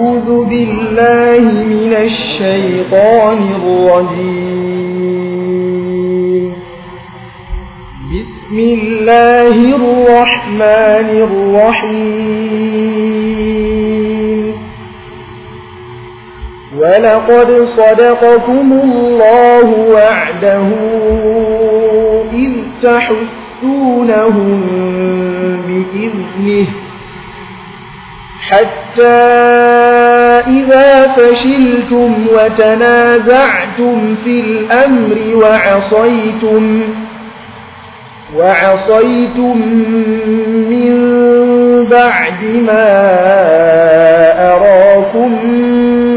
أعوذ بالله من الشيطان الرجيم بسم الله الرحمن الرحيم ولقد صدقكم الله وعده إذ تحسونهم بإذنه حتى إذا فشلتم وتنازعتم في الأمر وعصيتم وعصيتم من بعد ما أراكم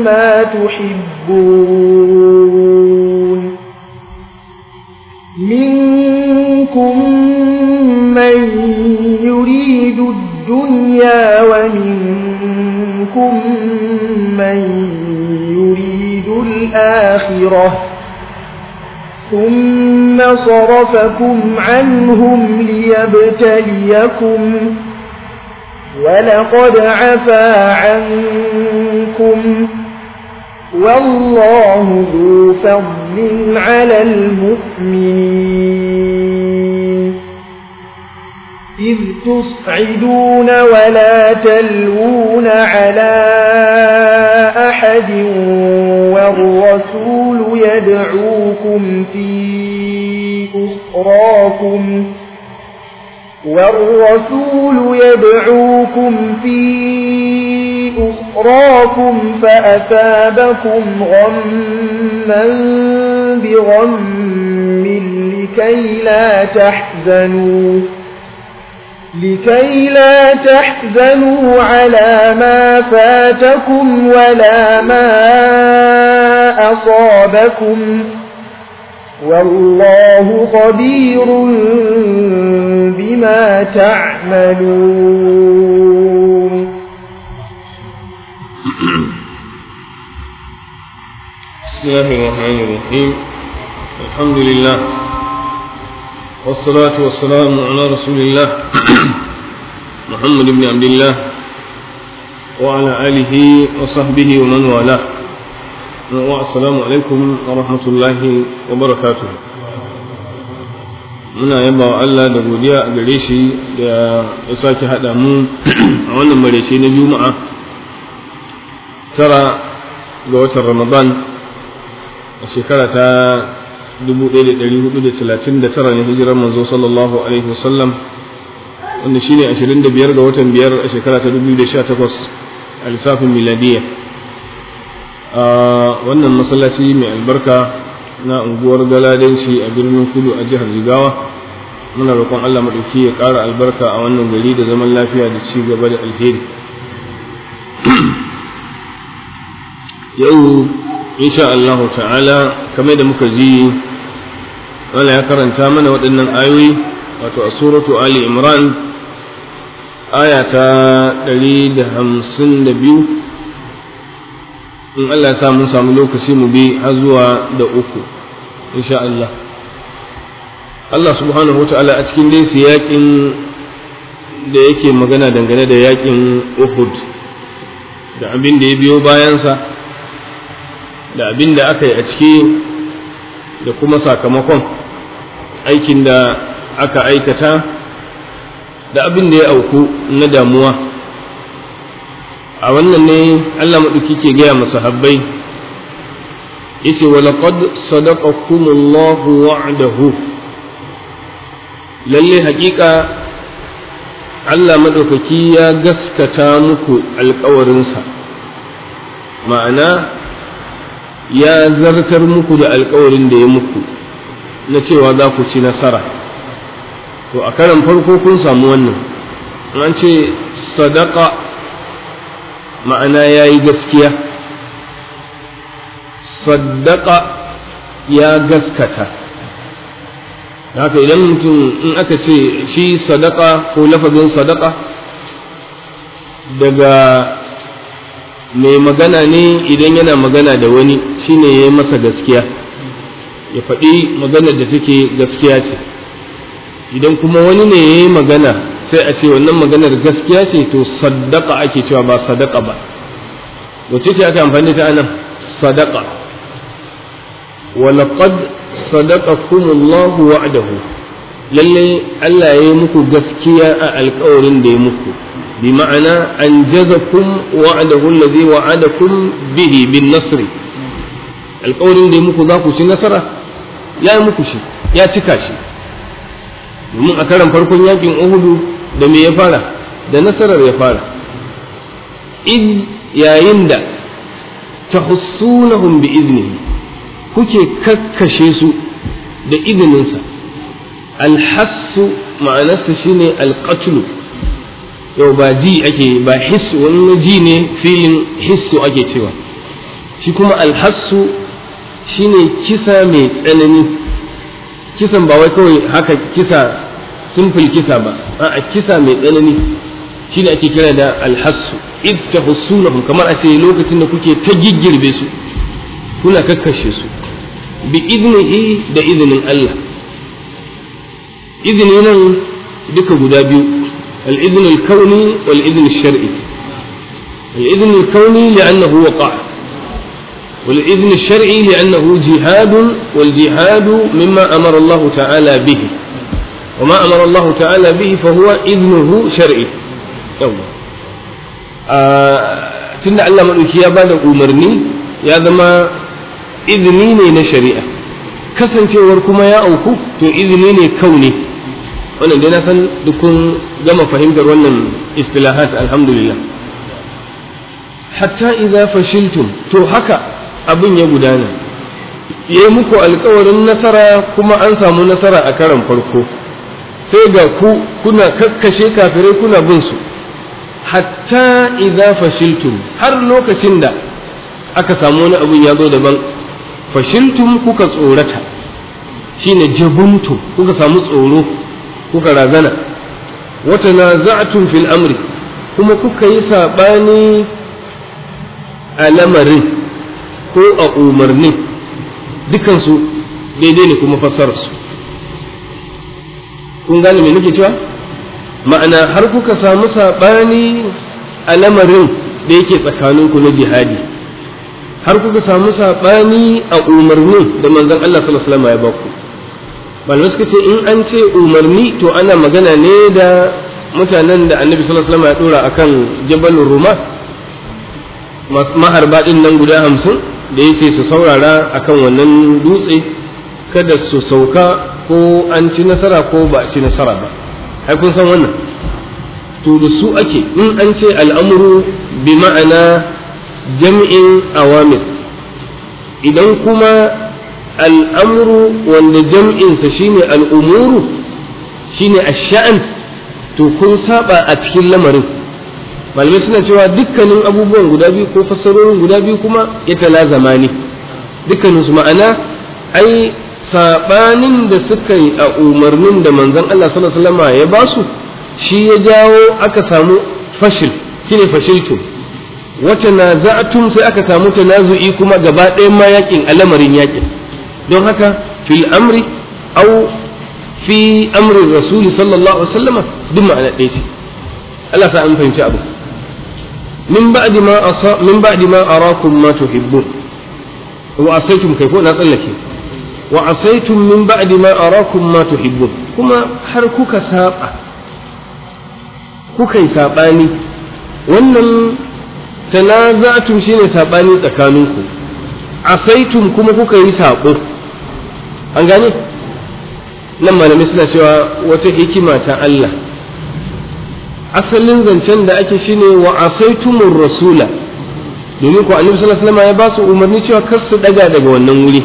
ما تحبون منكم من يريد الدنيا ومنكم منكم من يريد الآخرة ثم صرفكم عنهم ليبتليكم ولقد عفا عنكم والله ذو فضل على المؤمنين إذ تصعدون ولا تلوون على أحد والرسول يدعوكم في أخراكم والرسول يدعوكم في أخراكم فأثابكم غما بغم لكي لا تحزنوا لكي لا تحزنوا على ما فاتكم ولا ما أصابكم والله خبير بما تعملون بسم الله الرحمن الرحيم الحمد لله والصلاة والسلام على رسول الله محمد بن عبد الله وعلى آله وصحبه ومن والاه والسلام عليكم ورحمة الله وبركاته muna yaba wa Allah da godiya a gare shi da ya sake haɗa mu a wannan marece na juma'a tara ga watan ramadan a shekara ta tara na hijirar manzo sallallahu alaihi wasallam wanda da biyar ga watan biyar a shekara ta takwas a lissafin miladiya a wannan masallaci mai albarka na unguwar galadanci a birnin kudu a jihar jigawa muna roƙon Allah maɗauki ya ƙara albarka a wannan gari da zaman lafiya da ci gaba da alheri yau insha Allah ta'ala kamar da muka ji Allah ya karanta mana waɗannan ayoyi wato a suratu ali imran aya ta 152 in Allah ya sa mun samu lokaci mu bi har zuwa da uku insha Allah Allah subhanahu wa a cikin dai yaƙin da yake magana dangane da yaƙin Uhud da abin da ya biyo bayansa da abin da aka yi a ciki da kuma sakamakon aikin da aka aikata da abin da ya auku na damuwa a wannan ne Allah maɗuki ke gaya masu habbai yace walaqad sadaqakumullahu wa'dahu lalle haƙiƙa Allah maɗaukaki ya gaskata muku alƙawarinsa ma'ana ya zartar muku da alƙawarin da ya muku na cewa za ku ci nasara to a karan farko kun samu wannan an ce sadaka ma'ana ya yi gaskiya sadaka ya gaskata haka idan mutum in aka ce shi sadaka ko lafazin sadaka daga mai magana ne idan yana magana da wani shine ya yi masa gaskiya ya faɗi maganar da take gaskiya ce idan kuma wani ne ya yi magana sai a ce wannan maganar gaskiya ce to sadaka ake cewa ba sadaka ba wacce ce aka amfani ta anan sadaka walaqad sadaqakumullahu wa'adahu lalle Allah ya yi muku gaskiya a alƙawarin da ya muku bi ma'ana an jazakum wa'adahu allazi wa'adakum bihi bin nasri alƙawarin da ya muku za ku ci nasara ya yi muku shi ya cika shi domin a karan farkon yakin uhudu da me ya fara da nasarar ya fara in yayin da tahussunahum bi iznihi kuke kakkashe su da izininsa alhassu ma'anarsa shine alqatlu yau ba ji ake ba hissu wani ji ne filin hissu ake cewa shi kuma alhassu shine kisa mai tsanani kisan ba wai kawai haka kisa simple kisa ba a kisa mai tsanani shine ake kira da alhassu id tahsunahum kamar a ce lokacin da kuke ta giggirbe su kuna kakkashe su bi iznihi da izinin Allah izini nan duka guda biyu al al-kauni wal al-shar'i al-izn al-kauni li'annahu waqa'a والإذن الشرعي لأنه جهاد والجهاد مما أمر الله تعالى به وما أمر الله تعالى به فهو إذنه شرعي يوم آه، تنا علم الكيا بعد أمرني يا ذما إذنيني نشريعة كسن شيء يا أوكو تو إذنيني كوني وانا دينا سن دكون جمع فهمت رونن استلاحات الحمد لله حتى إذا فشلتم تو abin ya gudana ya muku alkawarin nasara kuma an samu nasara a karan farko sai ga ku kuna kakkashe kafirai kuna bin su hatta idza fashiltum har lokacin da aka samu wani abin ya zo daban fashiltum kuka tsorata shine jabuntu kuka samu tsoro kuka razana na tanaza'tum fil amri kuma kuka yi saɓani a lamarin ko a umarni dukansu daidai ne kuma fassararsu kun gane mai nake cewa ma'ana har kuka samu saɓani a lamarin da yake tsakaninku na jihadi har kuka samu saɓani a umarni da manzon Allah sallallahu alaihi wasallam ya baku suka ce in an ce umarni to ana magana ne da mutanen da annabi sallallahu alaihi wasallam ya dora akan jabalur ruma maharba nan guda hamsin da ya ce su saurara akan wannan dutse kada su sauka ko an ci nasara ko ba a ci nasara ba ai kun san wannan to da su ake in an ce al'amuru bi ma'ana jami'in awamir idan kuma al'amuru wanda jam'insa shine al'umuru shine a shaan to kun saba a cikin lamarin malamai suna cewa dukkanin abubuwan guda biyu ko fassarorin guda biyu kuma ya talazama ne dukkanin su ma'ana ai sabanin da suka yi a umarnin da manzon Allah sallallahu alaihi wasallam ya basu shi ya jawo aka samu fashil shine fashiltu wata naza'atum sai aka samu tanazu'i kuma gaba ɗaya ma yakin alamarin yakin don haka fil amri au fi amrin rasuli sallallahu alaihi wasallam duk ma'ana ɗaya ce Allah sa an fahimci abu min ba'di ma asa min ba'di ma arakum ma tuhibbun wa asaytum kai ko na tsallake wa asaytum min ba'di ma arakum ma tuhibbun kuma har kuka saba kuka yi sabani wannan tanaza'tum shine sabani tsakaninku asaitum kuma kuka yi sabo an gane nan malamai suna cewa wata hikima ta Allah asalin zancen da ake shine wa asaitumun rasula domin ko annabi sallallahu alaihi ya ba umarni cewa kar su daga daga wannan wuri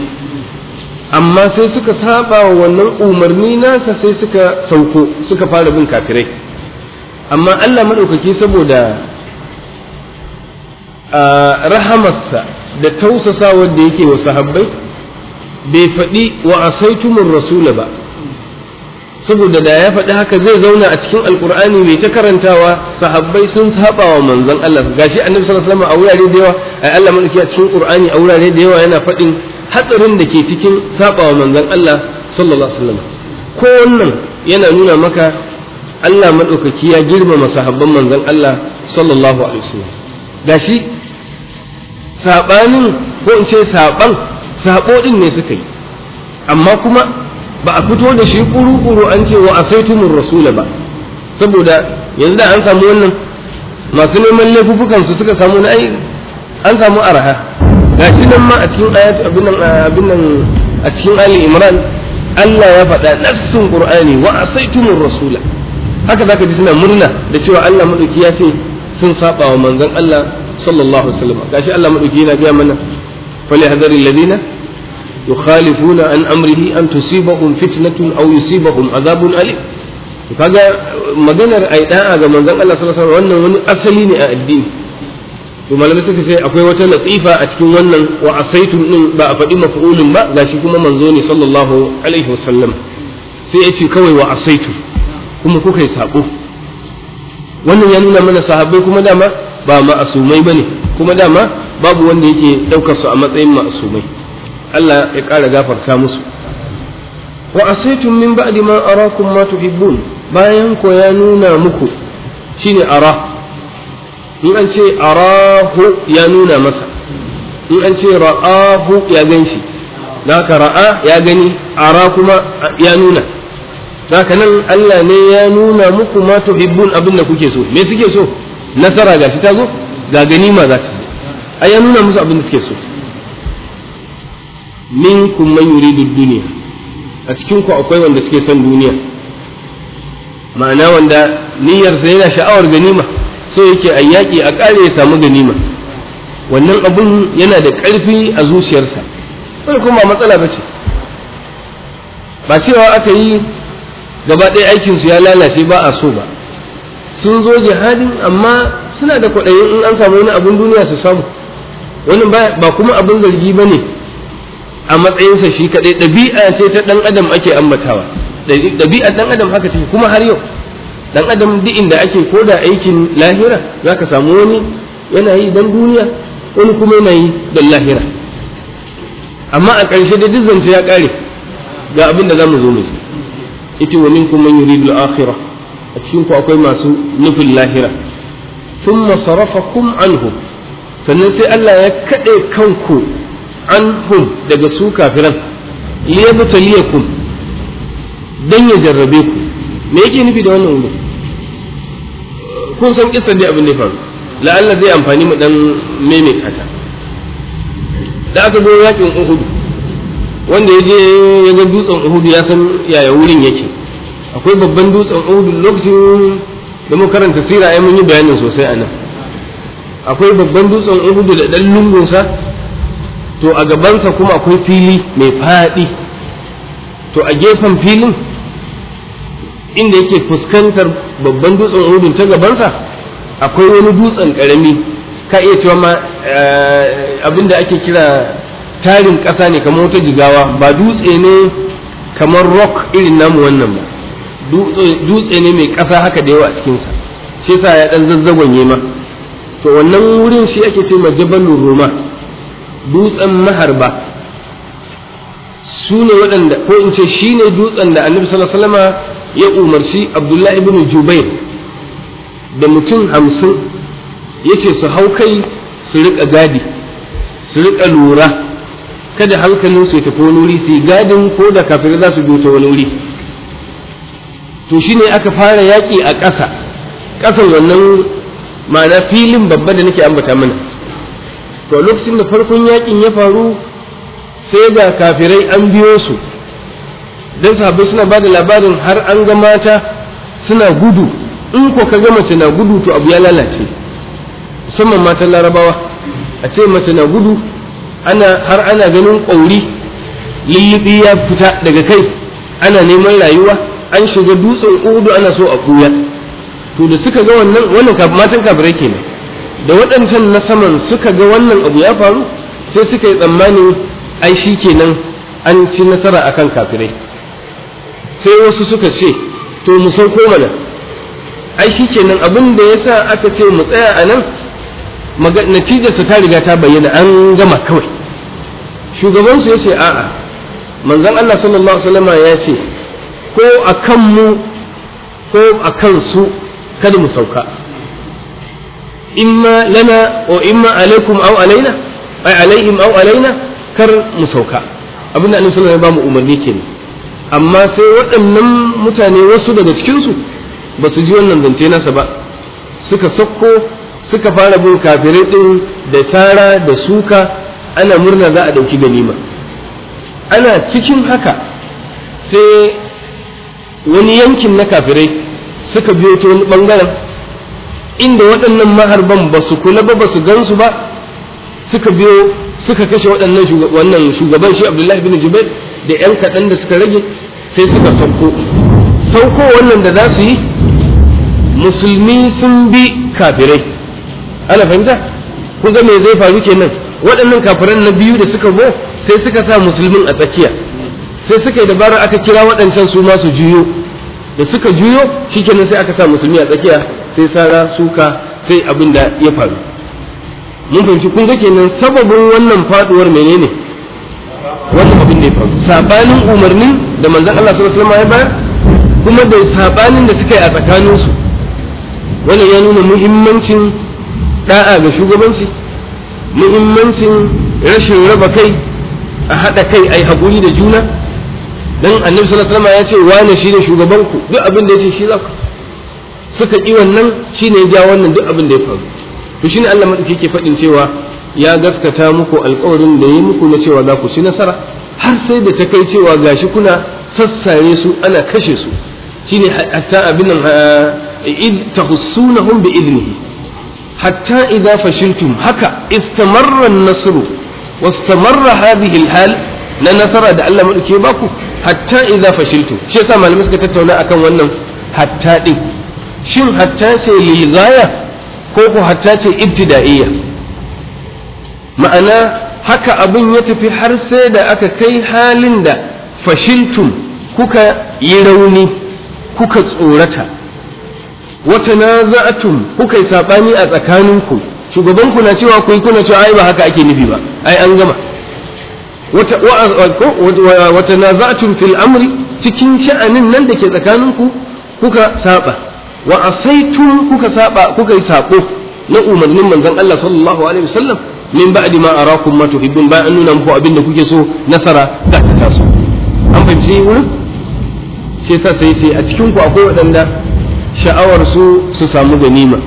amma sai suka saba wa wannan umarni nasa sai suka sauko suka fara bin kafirai amma Allah madaukaki saboda rahamarsa da tausasa wanda yake wa sahabbai bai faɗi wa asaitumun rasula ba saboda da ya faɗi haka zai zauna a cikin alkur'ani mai ta karantawa sahabbai sun saba wa manzon Allah gashi annabi sallallahu alaihi wasallam a wurare da yawa ai Allah madauki a cikin qur'ani a wurare da yawa yana faɗin hatsarin da ke cikin saba wa manzon Allah sallallahu alaihi wasallam ko wannan yana nuna maka Allah madaukaki ya girmama sahabban manzon Allah sallallahu alaihi wasallam gashi sabanin ko in ce saban sabo din ne suka yi amma kuma ba a fito da shi kuru-kuru an ce wa a asaitumur rasula ba saboda yanzu da an samu wannan masu neman laifukan su suka samu na an samu arha shi nan ma a cikin ayatu abin nan abin a cikin ali imran Allah ya faɗa nassun qur'ani wa a asaitumur rasula haka zaka ji suna murna da cewa Allah madauki ya ce sun saba wa manzon Allah sallallahu alaihi wasallam gashi Allah madauki yana ga mana falyahdharil ladina yukhalifuna an amrihi an tusibahum fitnatun aw yusibahum azabun alim kaga maganar ai ɗa'a ga manzon Allah sallallahu alaihi wasallam wannan wani asali ne a addini to malamai suka ce akwai wata latifa a cikin wannan wa asaitum din ba a faɗi maf'ulun ba gashi kuma manzo ne sallallahu alaihi wasallam sai ya ce kawai wa asaitu kuma kuka yi sako wannan ya nuna mana sahabbai kuma dama ba ma'asumai bane kuma dama babu wanda yake daukar su a matsayin ma'asumai Allah ya ƙara gafarta musu wa asaitum min ba'di ma arakum ma tuhibbun bayan ko ya nuna muku shine ara in an ce arahu ya nuna masa in an ce ra'ahu ya ganshi naka ra'a ya gani ara kuma ya nuna naka nan Allah ne ya nuna muku ma tuhibbun abin da kuke so me suke so nasara gashi ta zo ga ganima za ta zo ai ya nuna musu abin da suke so minkum man yuridu dunya a cikin ku akwai wanda suke son duniya ma'ana wanda niyyarsa yana sha'awar ganima so yake a yaƙi a ƙare ya samu ganima wannan abun yana da ƙarfi a zuciyarsa sai kuma matsala ba ce ba cewa aka yi gaba ɗaya aikinsu ya lalace ba a so ba sun zo jihadin amma suna da kwaɗayin in an samu wani abun duniya su samu wani ba kuma abin zargi ba ne a matsayinsa shi kaɗai ɗabi'a ce ta ɗan adam ake ambatawa ɗabi'a ɗan adam haka take kuma har yau ɗan adam duk inda ake ko da aikin lahira za ka samu wani yana yi don duniya wani kuma yana yi don lahira amma a ƙarshe da duk ya ƙare ga abin da za mu zo mu ji ita wa minkum man yuridu al-akhirah a cikin ku akwai masu nufin lahira thumma sarafakum anhu. sannan sai Allah ya kaɗe kanku anhum daga su kafiran liyabtaliyakum dan ya jarrabe ku me yake nufi da wannan wurin kun san kisan dai abin da ya faru la'alla zai amfani mu dan maimaita ta da aka zo yakin Uhud wanda ya je ya ga dutsen Uhud ya san yaya wurin yake akwai babban dutsen Uhud lokacin da mu karanta sira ai mun yi bayanin sosai anan akwai babban dutsen Uhud da dan lungunsa to a gabansa kuma akwai fili mai faɗi to a gefen filin inda yake fuskantar babban dutsen uhudun ta gabansa akwai wani dutsen ƙarami ka iya cewa ma eh, abinda ake kira tarin ƙasa ne kamar wata jigawa ba dutse ne kamar rock irin namu wannan ba dutse ne mai ƙasa haka da yawa a cikinsa shi sa ya ɗan zazzagon ma to wannan wurin shi ake ce ma roma dutsen maharba su ne waɗanda ko in ce shi ne dutsen da annabi sallallahu alaihi ya umarci abdullahi ibn jubair da mutum hamsin yace su hau kai su riƙa gadi su riƙa lura kada su ya tafi wani wuri su yi gadin ko da kafin za su ta wani wuri to shine aka fara yaƙi a ƙasa ƙasan wannan ma'ana filin babba da nake ambata mana to lokacin da farkon yakin ya faru sai ga kafirai an biyo su dan sahabbai suna ba da labarin har an ga mata suna gudu in ko ka ga mace na gudu to abu ya lalace musamman matan larabawa a ce mace na gudu ana har ana ganin ƙauri lullubi ya fita daga kai ana neman rayuwa an shiga dutsen udu ana so a kuya to da suka ga wannan wannan matan kafirai kenan da waɗancan na saman suka ga wannan abu ya faru sai suka yi tsammanin ai shi kenan an ci nasara akan kafirai sai wasu suka ce to mu sauko mana ai shi kenan abin da ya sa aka ce mu tsaya a nan su ta riga ta bayyana an gama kawai shugabansu ya ce a'a manzon Allah sallallahu alaihi wasallam ya ce ko a kanmu ko a kan su kada mu sauka imma lana wa imma alaikum aw alaina ai alaihim aw alaina kar mu sauka abin da annabi sallallahu alaihi wasallam ya bamu umarni kenan amma sai waɗannan mutane wasu daga cikin su ba su ji wannan zance nasa ba suka sakko suka fara bin kafirai din da sara da suka ana murna za a ɗauki ganima ana cikin haka sai wani yankin na kafirai suka biyo ta wani bangaren inda waɗannan maharban ba su kula ba ba su gansu ba suka biyo suka kashe waɗannan wannan shugaban shi abdullahi bin jubair da yan kaɗan da suka rage sai suka sauko sauko wannan da za su yi musulmi sun bi kafirai ana fahimta ku ga me zai faru kenan waɗannan kafiran na biyu da suka zo sai suka sa musulmin a tsakiya sai suka yi dabara aka kira waɗancan su ma su juyo da suka juyo shikenan sai aka sa musulmi a tsakiya sai sara suka sai abin da ya faru mun fahimci kun ga kenan sababin wannan faduwar menene wannan abin da ya faru sabanin umarnin da manzon Allah sallallahu alaihi wasallam ya bayar kuma da sabanin da suka yi a tsakanin su wannan ya nuna muhimmancin da'a ga shugabanci muhimmancin rashin raba kai a haɗa kai ai haƙuri da juna dan annabi sallallahu alaihi wasallam ya ce wani shine shugaban ku duk abin da yace shi za ku suka ki wannan shine ya ja wannan duk abin da ya faru to shine Allah madauki yake faɗin cewa ya gaskata muku alƙawarin da ya muku na cewa za ku ci nasara har sai da ta kai cewa gashi kuna sassare su ana kashe su shine hatta abin eh, id tahussunahum bi idnihi hatta idza fashiltum haka istamarra an-nasru واستمر هذه الحال na nasara da Allah madauke ba ku hatta idza fashiltu shi yasa malamai suka tattauna akan wannan hatta din shin hatta ce lilgaya ko ko hatta ce ibtida'iyya ma'ana haka abin ya tafi har sai da aka kai halin da fashiltum kuka yi rauni kuka tsorata wata na za'atum kuka yi saɓani a tsakaninku shugabanku na cewa ku yi kuna cewa ai ba haka ake nufi ba ai an gama wata naza'atun fil amri cikin sha'anin nan da ke tsakaninku kuka saba wa asaitum kuka saba kuka yi saƙo na umarnin manzon Allah sallallahu alaihi wasallam min ba'di ma arakum ma tuhibbun bayan nuna muku abin da kuke so nasara ta ta taso an fahimci wurin sai sa sai sai a cikin akwai waɗanda sha'awar su su samu ganima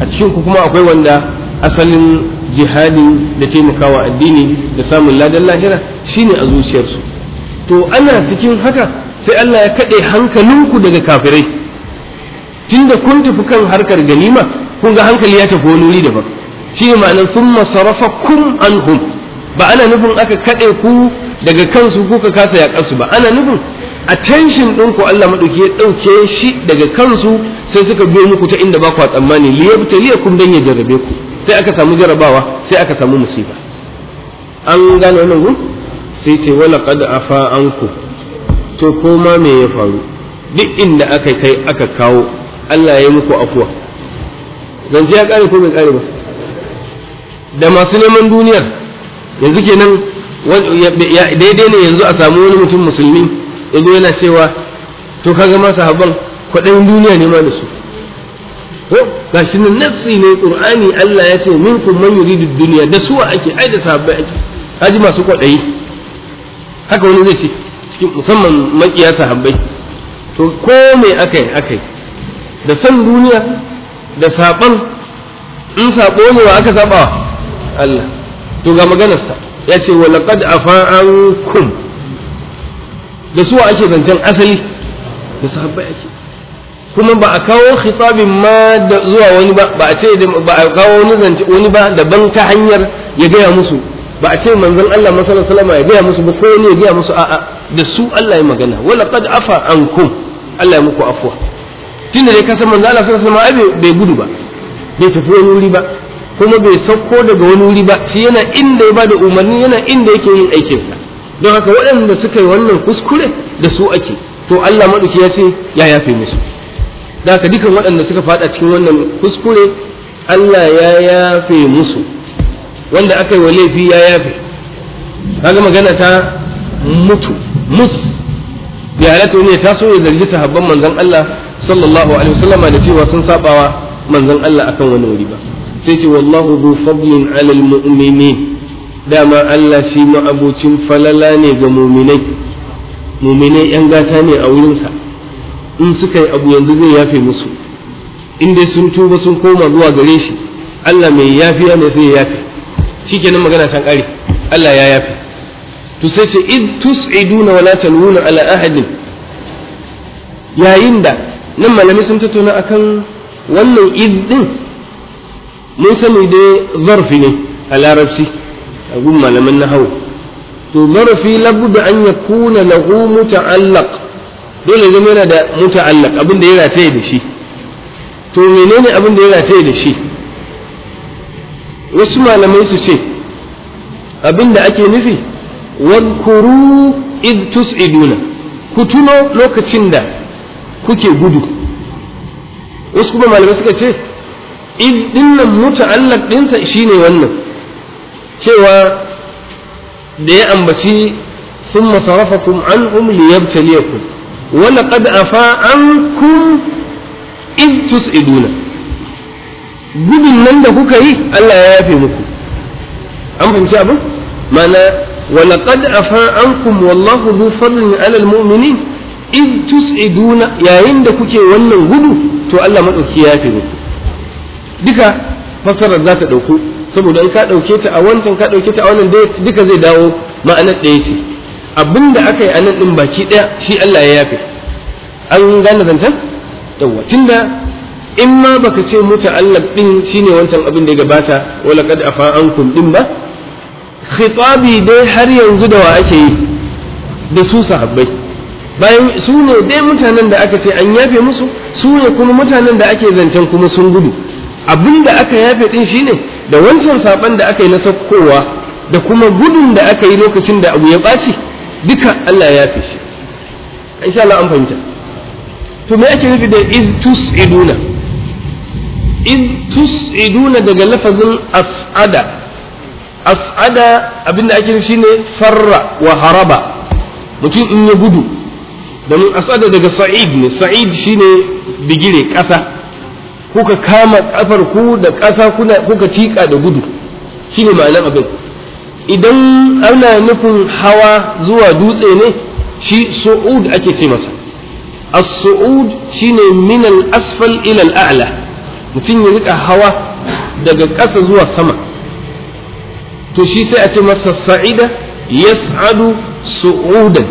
a kuma akwai wanda asalin jihadi da taimakawa addini da samun ladan lahira shine a zuciyarsu to ana cikin haka sai Allah ya kaɗe hankalinku daga kafirai tunda kun tafi kan harkar ganima kun ga hankali ya tafi wani wuri daban shi ne ma'anar sun masarafa an anhum ba ana nufin aka kaɗe ku daga kansu ko ka kasa yaƙarsu ba ana nufin attention ɗin ku Allah maɗauki ya ɗauke shi daga kansu sai suka biyo muku ta inda ba ku tsammani kun don ya jarrabe ku sai aka samu jarabawa sai aka samu musiba an gane wannan gun sai ce wala qad afa anku to ma me ya faru duk inda aka kai aka kawo Allah ya yi muku afuwa zance ya kare ko bai kare ba da masu neman duniyar yanzu kenan daidai ne yanzu a samu wani mutum musulmi yanzu yana cewa to kaga ma sahabban kwaɗayin duniya ne ma da su ko gashi nan nassi ne qur'ani Allah ya ce minkum man yuridu dunya da suwa ake ai da sahabbai ake haji masu kwadayi haka wani zai ce cikin musamman makiya sahabbai to ko me akai akai da san duniya da saban in sabo ne wa aka saba Allah to ga sa ya ce wa laqad afa'ankum da suwa ake zancen asali da sahabbai ake kuma ba a kawo khitabin ma da zuwa wani ba ba a ce ba a kawo wani zance wani ba daban ta hanyar ya gaya musu ba a ce manzon Allah sallallahu alaihi wasallam ya gaya musu ba sai ne ya gaya musu a'a da su Allah ya magana wala qad afa ankum Allah ya muku afwa tunda dai san manzon Allah sallallahu alaihi wasallam bai gudu ba bai tafi wani wuri ba kuma bai sauko daga wani wuri ba shi yana inda ya bada umarni yana inda yake yin aikinsa don haka waɗanda suka yi wannan kuskure da su ake to Allah maɗauki ya ce ya yafe musu da ka dukan waɗanda suka faɗa cikin wannan kuskure Allah ya yafe musu wanda aka yi wa laifi ya yafe kaga magana ta mutu mus ya to ne ta so ya zargi sahabban manzon Allah sallallahu alaihi wasallama da cewa sun sabawa manzon Allah akan wani wuri ba sai ce wallahu bi fadlin alal mu'minin dama Allah shi abucin falala ne ga mu'minai mu'minai yan gata ne a wurinsa in suka yi abu yanzu zai yafe musu in dai sun tuba sun koma zuwa gare shi Allah mai yafi, ne sai ya yafe shikenan magana can kare Allah ya yafe to sai ce id tus'iduna wala talwuna ala ahadin yayin da nan malamai sun tattauna akan wannan id din mun sani dai zarfi ne a larabci a gun malaman nahawu to zarfi labudda an yakuna lahu muta'allaq dole zama yana da muta'allaq abin da ya rataye da shi to menene abin da ya rataye da shi wasu malamai su ce abin da ake nufi wankuru id tus'iduna ku tuno lokacin da kuke gudu wasu kuma malamai suka ce id dinnan muta'allaq dinsa shine wannan cewa da ya ambaci ثم صرفكم عنهم ليبتليكم ولقد أفا عنكم إذ تسعدون gudun nan da kuka yi Allah ya yafe muku an fahimci abin mana walaqad afa ankum wallahu dhu fadlin ala almu'minin id tus'iduna yayin da kuke wannan gudu to Allah madauki ya yafe muku duka fasarar za ta dauko saboda in ka dauke ta a wancan ka dauke ta a wannan duka zai dawo ma'anar ɗaya ce abin da aka yi a nan ɗin baki ɗaya shi Allah ya yafe an gane zancen yawwa tunda in ma baka ce muta Allah ɗin shine wancan abin da ya gabata wala kad afa ankum ɗin ba khitabi dai har yanzu da wa ake yi da su sahabbai bayan su ne dai mutanen da aka ce an yafe musu su ne kuma mutanen da ake zancen kuma sun gudu abin da aka yafe ɗin shine da wancan saban da aka yi na saukowa da kuma gudun da aka yi lokacin da abu ya ɓaci duka Allah ya fi shi insha Allah an fahimta to me ake nufi da iz tus'iduna iz tus'iduna daga lafazin as'ada as'ada abinda ake nufi shine farra wa haraba mutum in ya gudu domin as'ada daga sa'id ne sa'id shine bigire kasa kuka kama kafar ku da ƙasa kuka tika da gudu shine ma'anar abin idan ana nufin hawa zuwa dutse ne shi su'ud ake ce masa as-su'ud shine min al-asfal ila al-a'la mutum ya rika hawa daga ƙasa zuwa sama to shi sai a ce masa sa'ida yas'adu su'udan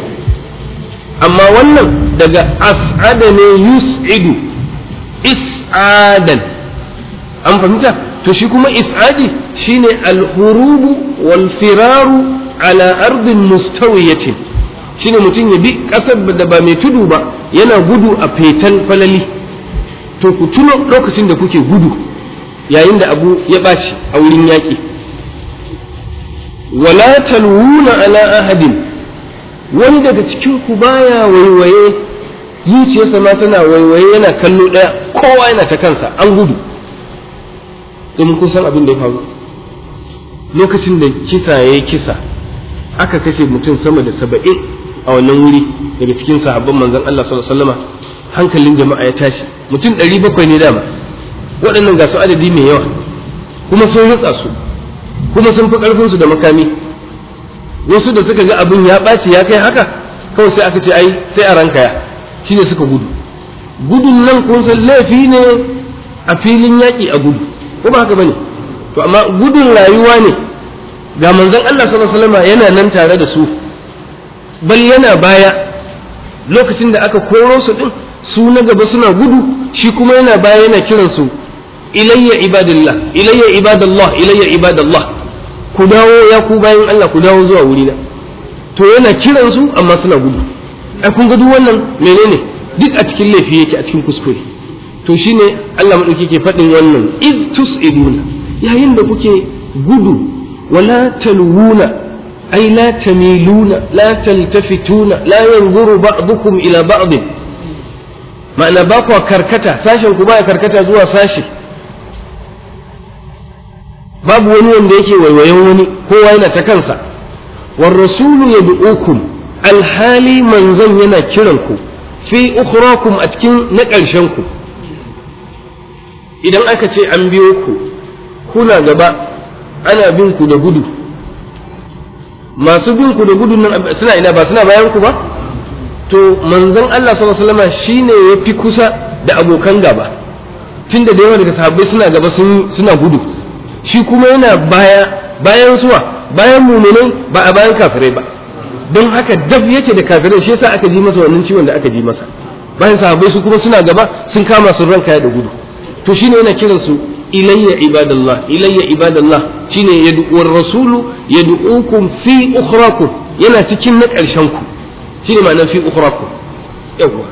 amma wannan daga as'ada ne yus'idu is'adan an fahimta to shi kuma is'adi shine al-hurubu wal firaru ala ardin mustawiyatin shine mutum ya bi kasar da ba mai tudu ba yana gudu a fetan falali to ku tuno lokacin da kuke gudu yayin da abu ya bashi a wurin yaƙi wala talwuna ala ahadin wani daga cikin ku baya waiwaye zuciyarsa ma tana waiwaye yana kallo ɗaya kowa yana ta kansa an gudu domin kun san abin da ya faru lokacin da kisa ya yi kisa aka kashe mutum sama da saba'in a wannan wuri daga cikin sahabban manzon Allah sallallahu alaihi hankalin jama'a ya tashi mutum ɗari bakwai ne dama waɗannan ga su adadi mai yawa kuma sun rutsa su kuma sun fi ƙarfinsu da makami wasu da suka ga abin ya ɓaci ya kai haka kawai sai aka ce ai sai a rankaya shi ne suka gudu gudun nan kun san laifi ne a filin yaƙi a gudu ko ba haka bane to amma gudun rayuwa ne ga manzon Allah sallallahu alaihi wasallam yana nan tare da su bal yana baya lokacin da aka koro su din su na gaba suna gudu shi kuma yana baya yana kiran su ilayya ibadillah ilayya ibadallah ilayya ibadallah ku dawo ya ku bayin Allah ku dawo zuwa na to yana kiran su amma suna gudu ai kun ga duk wannan menene duk a cikin laifi yake a cikin kuskure to shine Allah madauki ke faɗin wannan id tusiduna yayin da kuke gudu wala talwuna ai la tamiluna la taltafituna la yanzuru ba'dukum ila ba'd ma'ana ba ku karkata sashen ku ba karkata zuwa sashi babu wani wanda yake waiwayen wani kowa yana ta kansa war rasulu yad'ukum alhali manzon yana kiran ku fi ukhrakum a cikin na ƙarshen ku idan aka ce an biyo ku kuna gaba ana bin ku da gudu masu bin ku da gudu nan suna ina ba suna bayan ku ba to manzon Allah sallallahu alaihi wasallam shine yafi kusa da abokan gaba tunda da yawa daga sahabbai suna gaba sun suna gudu shi kuma yana baya bayan suwa bayan mu'minin ba a bayan kafirai ba don haka dab yake da kafirai shi yasa aka ji masa wannan ciwon da aka ji masa bayan sahabbai su kuma suna gaba sun kama sun ranka da gudu to shine yana kiransu. ilayya ibadallah ilayya ibadallah shine yad'uwar rasulu yad'ukum fi ukhrakum yana cikin na ƙarshen ku shine ma'anar fi ukhrakum yawa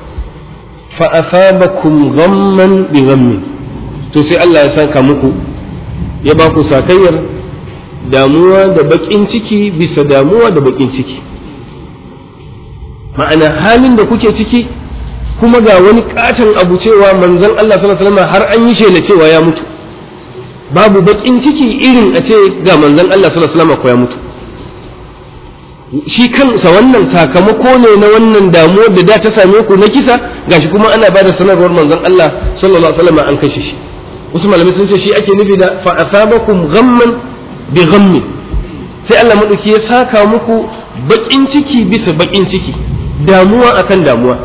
fa asabakum ghamman bi ghammin to sai Allah ya saka muku ya baku sakayar damuwa da bakin ciki bisa damuwa da bakin ciki ma'ana halin da kuke ciki kuma ga wani ƙaton abu cewa manzon Allah sallallahu alaihi wasallam har an yi shela cewa ya mutu babu baƙin ciki irin a ce ga manzon Allah sallallahu alaihi wasallam ya mutu shi kansa wannan sakamako ne na wannan damuwar da da ta same ku na kisa gashi kuma ana bada da sanarwar manzon Allah sallallahu alaihi wasallam an kashe shi wasu malamai sun ce shi ake nufi da fa asabakum ghamman bi ghammi sai Allah madauki ya saka muku baƙin ciki bisa bakin ciki damuwa akan damuwa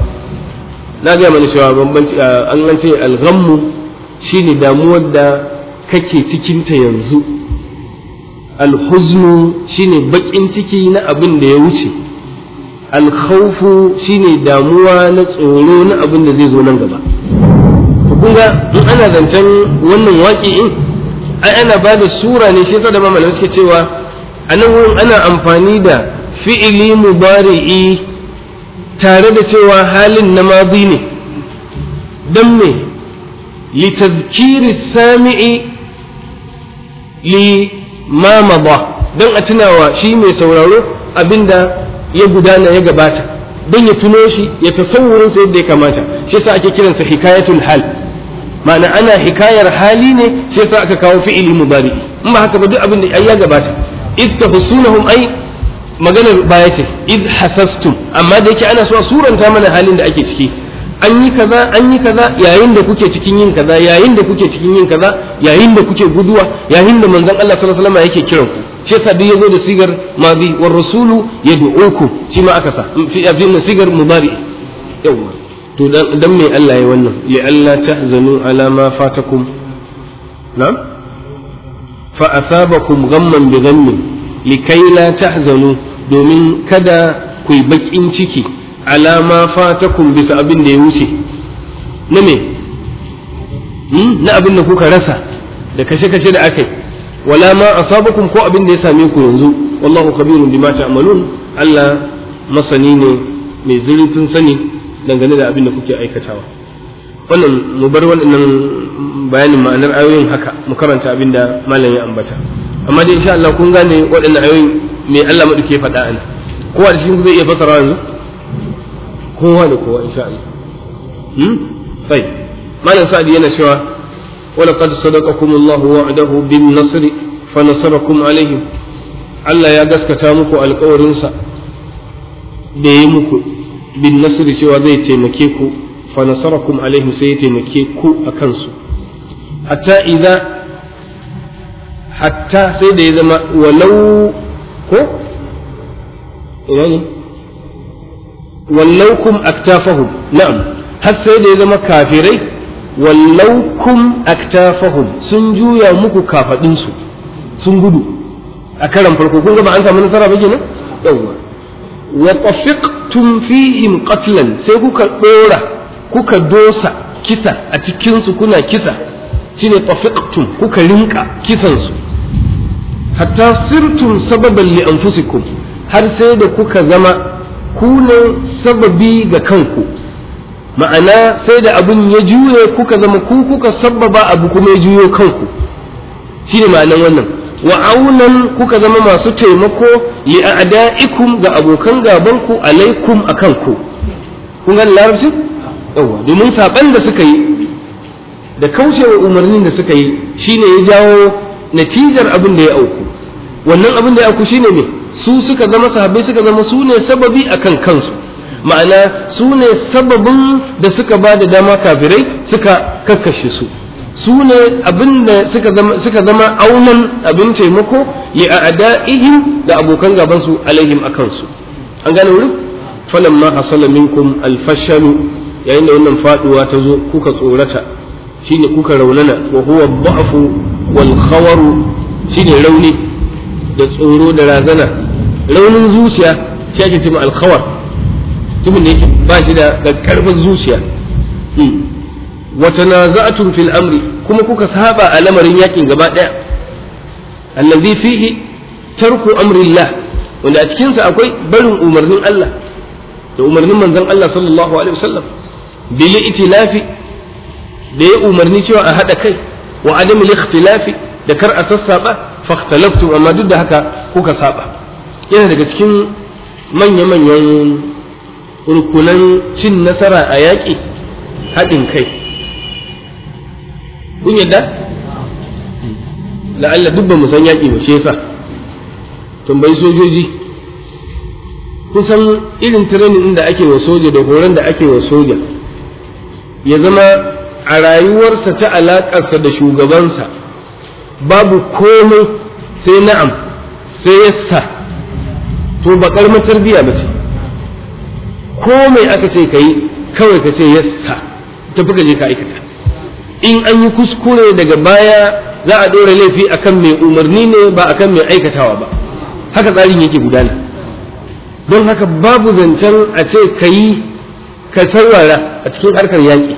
na ga mana cewa bambanci ah, an lance al-ghammu shine damuwar da kake cikinta yanzu alhuznu shine baƙin ciki na abin da ya wuce alkhawfu shine damuwa na tsoro na abin da zai zo nan gaba kun ga in ana zancen wannan waƙi ai ana ba da sura ne shi da malamai suke cewa a nan wurin ana amfani da fi'ili mubari'i tare da cewa halin na ne don me litazkiri sami'i li ma don a tunawa shi mai sauraro abinda ya gudana ya gabata don ya tuno shi ya tasawurin sa yadda ya kamata shi yasa ake kiransa hikayatul hal ma'ana ana hikayar hali ne shi yasa aka kawo fi'ili mubari in ba haka ba duk abin ya gabata id tahsunahum ai maganar baya ce id hasastum amma da yake ana so a suranta mana halin da ake ciki an yi kaza an yi kaza yayin da kuke cikin yin kaza yayin da kuke cikin yin kaza yayin da kuke guduwa yayin da manzon Allah sallallahu alaihi wasallam yake kiran ku shi yasa duk yazo da sigar madi war rasulu yad'uku shi ma aka sa fi abin sigar mubari yawa to dan me Allah ya wannan ya Allah tahzanu ala ma fatakum na'am fa asabakum ghamman bi ghammin likai la tahzanu domin kada ku yi bakin ciki alama fatakum bisa abin da ya wuce na me hmm? na abin da kuka rasa da kashe-kashe da aka yi wala ma asabakum ko abin da ya same ku yanzu wallahu kabirun bima ta'malun Allah masani ne mai zurfin sani dangane da abin da kuke aikatawa wannan mu bar wannan bayanin ma'anar ayoyin haka mu karanta abin da malam ya ambata amma dai insha Allah kun gane waɗannan ayoyin me Allah ke faɗa ana kowa da shi zai iya fasara yanzu kowa kowa hmm sai malam sa'adi yana cewa wa laqad sadaqakum Allahu wa'dahu bin fa nasarakum Allah ya gaskata muku alƙawarinsa da muku bin nasri cewa zai taimake ku fa nasarakum sai ya taimake ku a kansu hatta idza hatta sai da ya zama walau ko ina ne wallaukum aktafahum na'am har sai da ya zama kafirai wallaukum aktafahum sun juya muku su sun gudu a karan farko kun gaba an samu nasara ba kenan yawa wa tafiqtum fihim qatlan sai kuka dora kuka dosa kisa a cikin su kuna kisa shine tafiqtum kuka rinka kisan su hatta sirtum sababan li anfusikum har sai da kuka zama ku ne sababi ga kanku ma'ana sai da abin ya juye kuka zama ku kuka sababa abu kuma ya juyo kanku shi ne ma'anan wannan wa'aunan kuka zama masu taimako li a'da'ikum ga abokan gabanku alaikum a kanku kun gani larabci yawa domin saban da suka yi da kaucewa umarnin da suka yi shine ya jawo natijar abin da ya auku wannan abin da ya auku shine ne su suka zama sahabbai suka zama su ne sababi akan kansu ma'ana su ne sababin da suka ba da dama kafirai suka kakkashe su su ne abin da suka zama aunan abin taimako ya a da abokan gabansu alaihim a kansu an gane wurin falan ma hasala minkum alfashalu yayin da wannan faduwa ta zo kuka tsorata shine kuka raunana wa huwa da'fu wal khawaru shine rauni da tsoro da razana raunin zuciya shi ake cewa alkhawar mutumin da yake ba shi da karfin zuciya hmm. wa tanaza'tum fil amri kuma kuka saba a lamarin yakin gaba daya allazi fihi tarku amrillah wanda a cikinsa akwai barin umarnin Allah da umarnin manzon Allah sallallahu alaihi wasallam bil itilafi da ya umarni cewa a hada kai wa adam al ikhtilafi da kar a sassaba fakhtalaftum amma duk da haka kuka saba yana daga cikin manya-manyan rukunan cin nasara a yaƙi haɗin kai kun yadda la'alla duk ba mu san yaƙi ba shefa tambayi sojoji kusan irin tirenin da ake wa soja da horon da ake wa soja ya zama a rayuwarsa ta alaƙarsa da shugabansa babu komai sai na'am sai yassa to ba karmar tarbiya ba ce komai aka ce ka kawai ka ce yassa tafi ka je ka aikata in an yi kuskure daga baya za a ɗora laifi akan mai umarni ne ba a kan mai aikatawa ba haka tsarin yake gudana don haka babu zancen a ce ka yi ka sarwara a cikin harkar yaƙi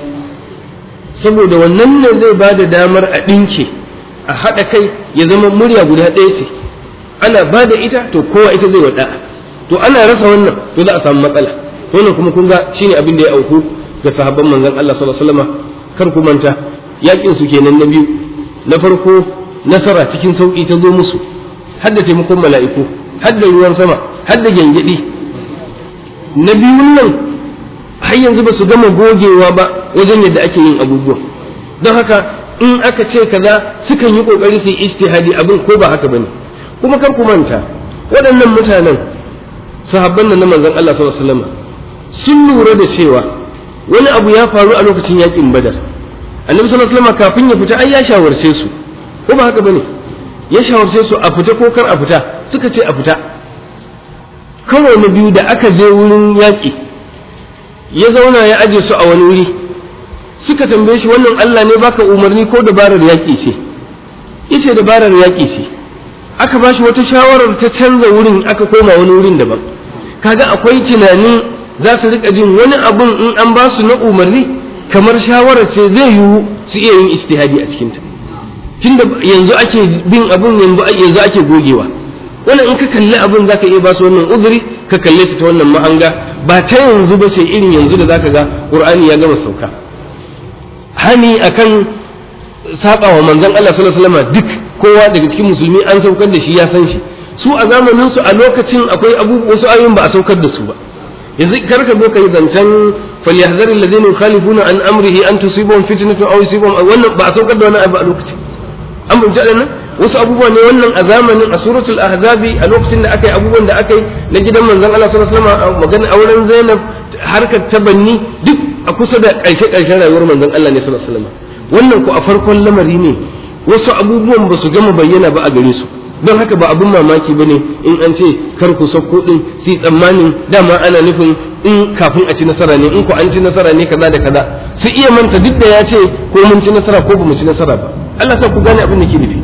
saboda wannan ne zai ba da damar a ɗinke a haɗa kai ya zama murya guda ɗaya ce ana ba da ita to kowa ita zai wada to ana rasa wannan to za a samu matsala to ne kuma kun ga shine abin da ya auku ga sahabban manzon Allah sallallahu alaihi wasallam kar ku manta yakin su kenan na biyu na farko nasara cikin sauki ta zo musu har da taimakon mala'iku har ruwan sama har da gyangyaɗi na biyu nan har yanzu ba su gama gogewa ba wajen yadda ake yin abubuwa don haka in aka ce kaza sukan yi kokari su yi ijtihadi abin ko ba haka bane kuma kar ku manta waɗannan mutanen sahabban nan na manzon Allah sallallahu alaihi wasallam sun lura da cewa wani abu ya faru a lokacin yakin badar annabi sallallahu alaihi wasallam kafin ya fita ai ya shawarce su ko ba haka bane ya shawarce su a fita ko kar a fita suka ce a fita karo na biyu da aka je wurin yaƙi ya zauna ya aje su a wani wuri suka tambaye shi wannan Allah ne baka umarni ko dabarar yaƙi ce yace dabarar yaƙi ce aka bashi wata shawarar ta canza wurin aka koma wani wurin daban kaga akwai tunanin za su rika jin wani abun in an ba su na umarni kamar shawarar ce zai yiwu su iya yin istihadi a cikinta tunda yanzu ake bin abun yanzu ake gogewa wannan in ka kalli abin zaka iya ba su wannan uzuri ka kalle su ta wannan mahanga ba ta yanzu ba ce irin yanzu da zaka ga qur'ani ya gama sauka hani akan saba wa manzon Allah sallallahu alaihi wasallam duk kowa daga cikin musulmi an saukar da shi ya san shi su a zamanin su a lokacin akwai abubuwa wasu ayoyin ba a saukar da su ba yanzu karka zo kai zancen falyahzar alladhina khalifuna an amrihi an tusibahum fitnatun aw yusibahum wannan ba a saukar da wannan ba a lokacin an bamce da nan wasu abubuwa ne wannan a zamanin a suratul ahzabi a lokacin da aka yi abubuwan da aka yi na gidan manzon Allah sallallahu alaihi wasallam maganar auren Zainab harkar tabanni duk a kusa da ƙarshe ƙarshen rayuwar manzon Allah ne sallallahu alaihi wasallam wannan ku a farkon lamari ne wasu abubuwan ba su gama bayyana ba a gare su don haka ba abin mamaki ba ne in an ce kar ku sauko din sai tsammanin dama ana nufin in kafin a ci nasara ne in ku an ci nasara ne kaza da kaza su iya manta duk da ya ce ko mun ci nasara ko ba mu ci nasara ba Allah sa ku gane abin da ke nufi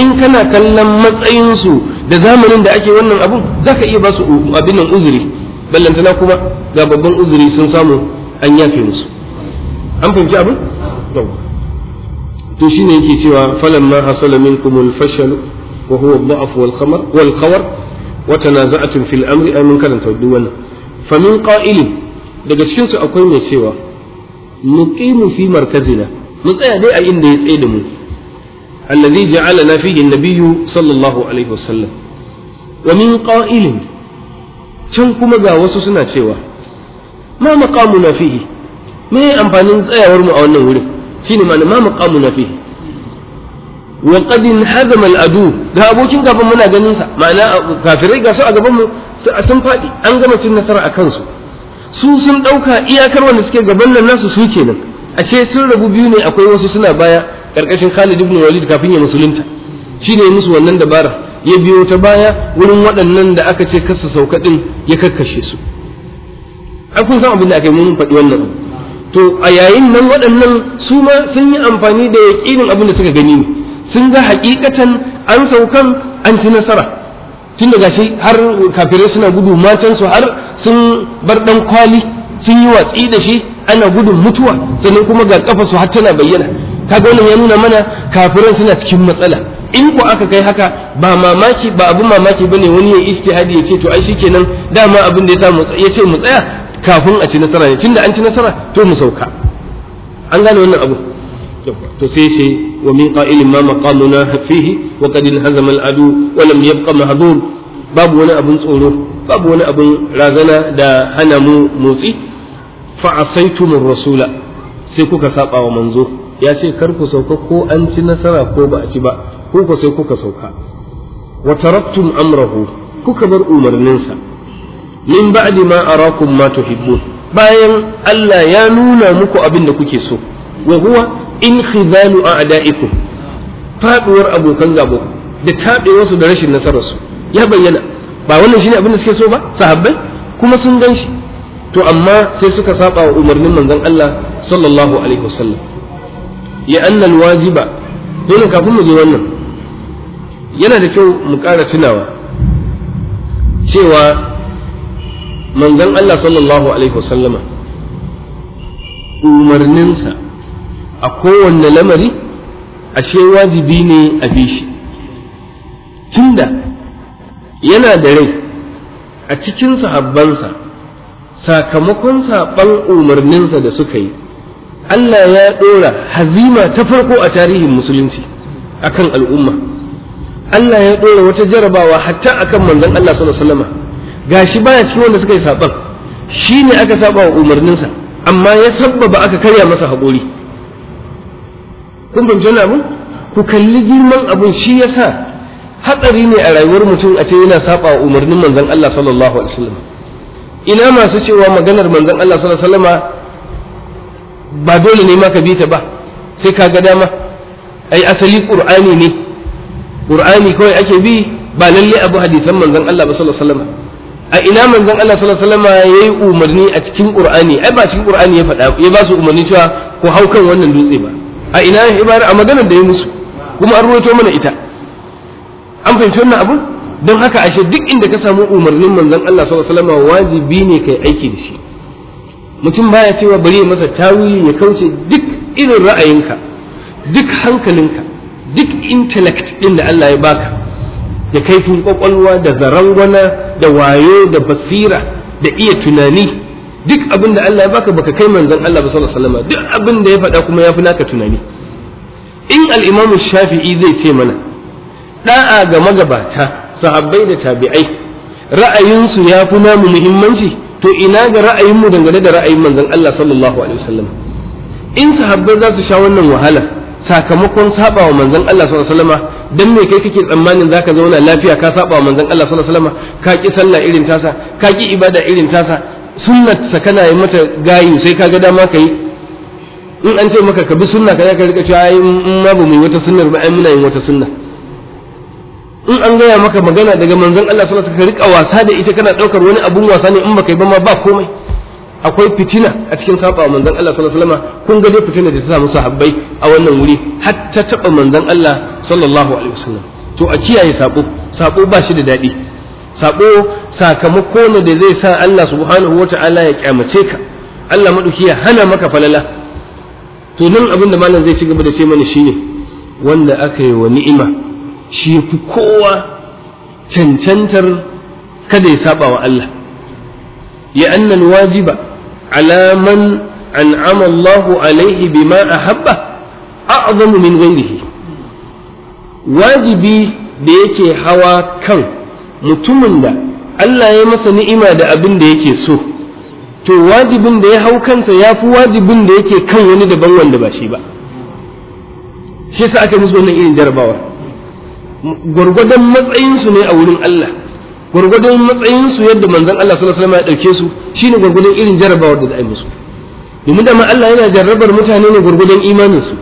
in kana kallon matsayin su da zamanin da ake wannan abun za ka iya ba su abin nan uzuri ballantana kuma ga babban uzuri sun samu an yafe musu an fahimci abin to shine yake cewa falamma hasala minkumul fashal wa huwa ad-da'f wal khamar wal khawar wa tanaza'atun fil amri ay wannan fa min daga cikin su akwai mai cewa nuqimu fi markazina mu tsaya dai a inda ya tsaye da mu alladhi na fihi an-nabiyyu sallallahu alaihi wasallam wa min qa'ilin can kuma ga wasu suna cewa ma na fihi me amfanin tsayawar mu a wannan wurin shine ma ma na fihi wa qad hazama al-adu da abokin gaban muna ganin sa ma'ana kafirai ga su a gaban mu sun fadi an gama cin nasara a kansu su sun dauka iyakar wanda suke gaban nan nasu su kenan ashe sun rabu biyu ne akwai wasu suna baya karkashin Khalid ibn Walid kafin ya musulunta shine musu wannan dabara ya biyo ta baya wurin waɗannan da aka ce kasa sauka din ya kakkashe su ai kun san abin da aka yi mun faɗi wannan to a yayin nan waɗannan su ma sun yi amfani da yaƙinin abin da suka gani ne sun ga hakikatan an saukan an ci nasara tun da shi har kafirai suna gudu matan su har sun bar dan kwali sun yi watsi da shi ana gudun mutuwa sannan kuma ga kafa su har tana bayyana kaga wannan ya nuna mana kafiran suna cikin matsala in ko aka kai haka ba mamaki ba abun mamaki bane wani ya istihadi ya ce to ai shikenan dama abin da ya sa ya ce mu tsaya kafin a ci nasara ne tunda an ci nasara to mu sauka an gane wannan abu to sai ce wa min qa'ilin ma maqamuna fihi wa qad hazama al-adu wa lam yabqa mahdud babu wani abun tsoro babu wani abun razana da hana mu motsi fa asaitumur rasula sai kuka saba wa manzo ya ce kar ku sauka ko an ci nasara ko ba a ci ba ko ku sai kuka sauka wa taraktum amrahu kuka bar umarninsa min ba'di ma arakum ma tuhibbun bayan Allah ya nuna muku abin da kuke so wa huwa in khizalu a'da'ikum faduwar abokan gabo da tabewa su da rashin nasarar su ya bayyana ba wannan shine abin da suke so ba sahabbai kuma sun gan shi to amma sai suka saba wa umarnin manzon Allah sallallahu alaihi wasallam ya annal wajiba dole kafin mu je wannan yana da kyau mu ƙara tunawa cewa manzon Allah sallallahu alaihi wasallama umarninsa a kowanne lamari ashe wajibi ne a bi shi tunda yana da rai a cikin sahabbansa sakamakon saɓan umarninsa da suka yi Allah ya ɗora hazima ta farko a tarihin musulunci akan al'umma Allah ya ɗora wata jarabawa hatta akan manzon Allah sallallahu alaihi wasallama gashi baya cikin wanda suka yi saban shi ne aka saba wa umarninsa amma ya sabbaba aka karya masa haƙuri. kun fahimci wani abun ku kalli girman abun shi ya sa hatsari ne a rayuwar mutum a ce yana saba wa umarnin manzon Allah sallallahu alaihi wasallam ina masu cewa maganar manzon Allah sallallahu alaihi wasallam ba dole ne ma ka bi ta ba sai ka ga dama ai asali qur'ani ne qur'ani kawai ake bi ba lalle abu hadisan manzon Allah sallallahu alaihi wasallam a ina manzon Allah sallallahu alaihi wasallam yayi umarni a cikin Qur'ani ai ba cikin Qur'ani ya faɗa ya ba su umarni cewa ko hau kan wannan dutse ba a ina ibara a maganar da ya musu kuma an ruwato mana ita an fahimci wannan abu don haka ashe duk inda ka samu umarnin manzon Allah sallallahu alaihi wasallam wajibi ne kai aiki da shi mutum baya cewa bari masa tawili ya kauce duk irin ra'ayinka duk hankalinka duk intellect din da Allah ya baka da kaifin kwakwalwa da zarangwana da wayo da basira da iya tunani duk abin da Allah ya baka baka kai manzon Allah ba sallallahu alaihi wasallam duk abin da ya faɗa kuma ya fi naka tunani in al-Imam Shafi'i zai ce mana da'a ga magabata sahabbai da tabi'ai ra'ayinsu ya fi namu muhimmanci to ina ga ra'ayinmu dangane da ra'ayin manzon Allah sallallahu alaihi wasallam in sahabbai za su sha wannan wahala sakamakon saba wa manzon Allah sallallahu alaihi wasallam dan me kai kake tsammanin zaka zauna lafiya ka saba wa manzon Allah sallallahu alaihi wasallam ka ki sallah irin tasa ka ki ibada irin tasa sunnat sa kana yi mata gayi sai ka ga dama kai in an ce maka ka bi sunna ka ka rika cewa ai in ma ba mu yi wata sunnar ba ai muna yin wata sunna in an gaya maka magana daga manzon Allah sallallahu alaihi wasallam ka rika wasa da ita kana daukar wani abun wasa ne in baka yi ba ma ba komai akwai fitina a cikin saba manzon Allah sallallahu alaihi wasallam kun ga dai fitina da ta samu sahabbai a wannan wuri har ta taba manzon Allah sallallahu alaihi wasallam to a kiyaye sabo sabo ba shi da daɗi sabo sakamako ne da zai sa Allah subhanahu wata'ala ya kyamace ka Allah maduki ya hana maka falala to nan abin da malam zai ci gaba da ce mana shine wanda aka yi wa ni'ima shi fi kowa cancantar kada ya saba wa Allah ya annan wajiba ala man an'ama Allahu alaihi bima ahabba a'zamu min ghairihi wajibi da yake hawa kan mutumin da Allah ya masa ni'ima da abin da yake so to wajibin da ya hau kansa ya fi wajibin da yake kan wani daban wanda ba shi ba shi sa aka musu wannan irin jarabawa gwargwadon matsayinsu ne a wurin Allah gurgudun matsayin su yadda manzon Allah sallallahu alaihi wasallam ya dauke su shine gurgudun irin jarrabawa da ai musu domin da Allah yana jarrabar mutane ne gurgudun imanin su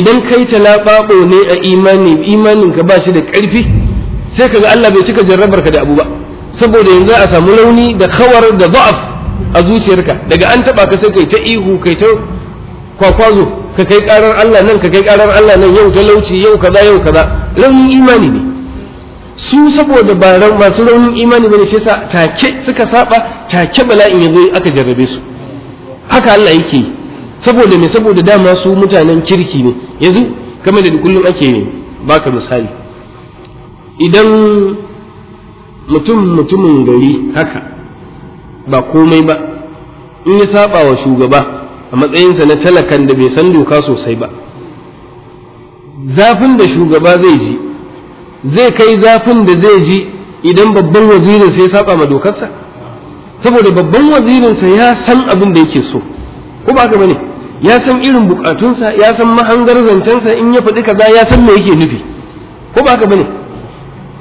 idan kai talababo ne a imani imanin ka ba shi da karfi sai kaga Allah bai cika jarrabar ka da abu ba saboda yanzu a samu launi da khawar da da'af a zuciyarka daga an taba ka sai kai ta ihu kai ta kwakwazo ka kai karar Allah nan ka kai karar Allah nan yau talauci yau kaza yau kaza ran imani ne su saboda baran masu raunin imani bane shi yasa take suka saba take bala'in yazo aka jarrabe su haka Allah yake saboda me saboda dama su mutanen kirki ne yanzu kamar da kullum ake ne baka misali idan mutum mutumin gari haka ba komai ba in ya saba wa shugaba a matsayinsa na talakan da bai san doka sosai ba zafin da shugaba zai ji zai kai zafin da zai ji idan babban wazirin sai saba ma dokarsa saboda babban wazirinsa ya san abin da yake so ko ba haka bane ya san irin bukatunsa ya san mahangar zancensa in ya faɗi kaza ya san me yake nufi ko ba haka bane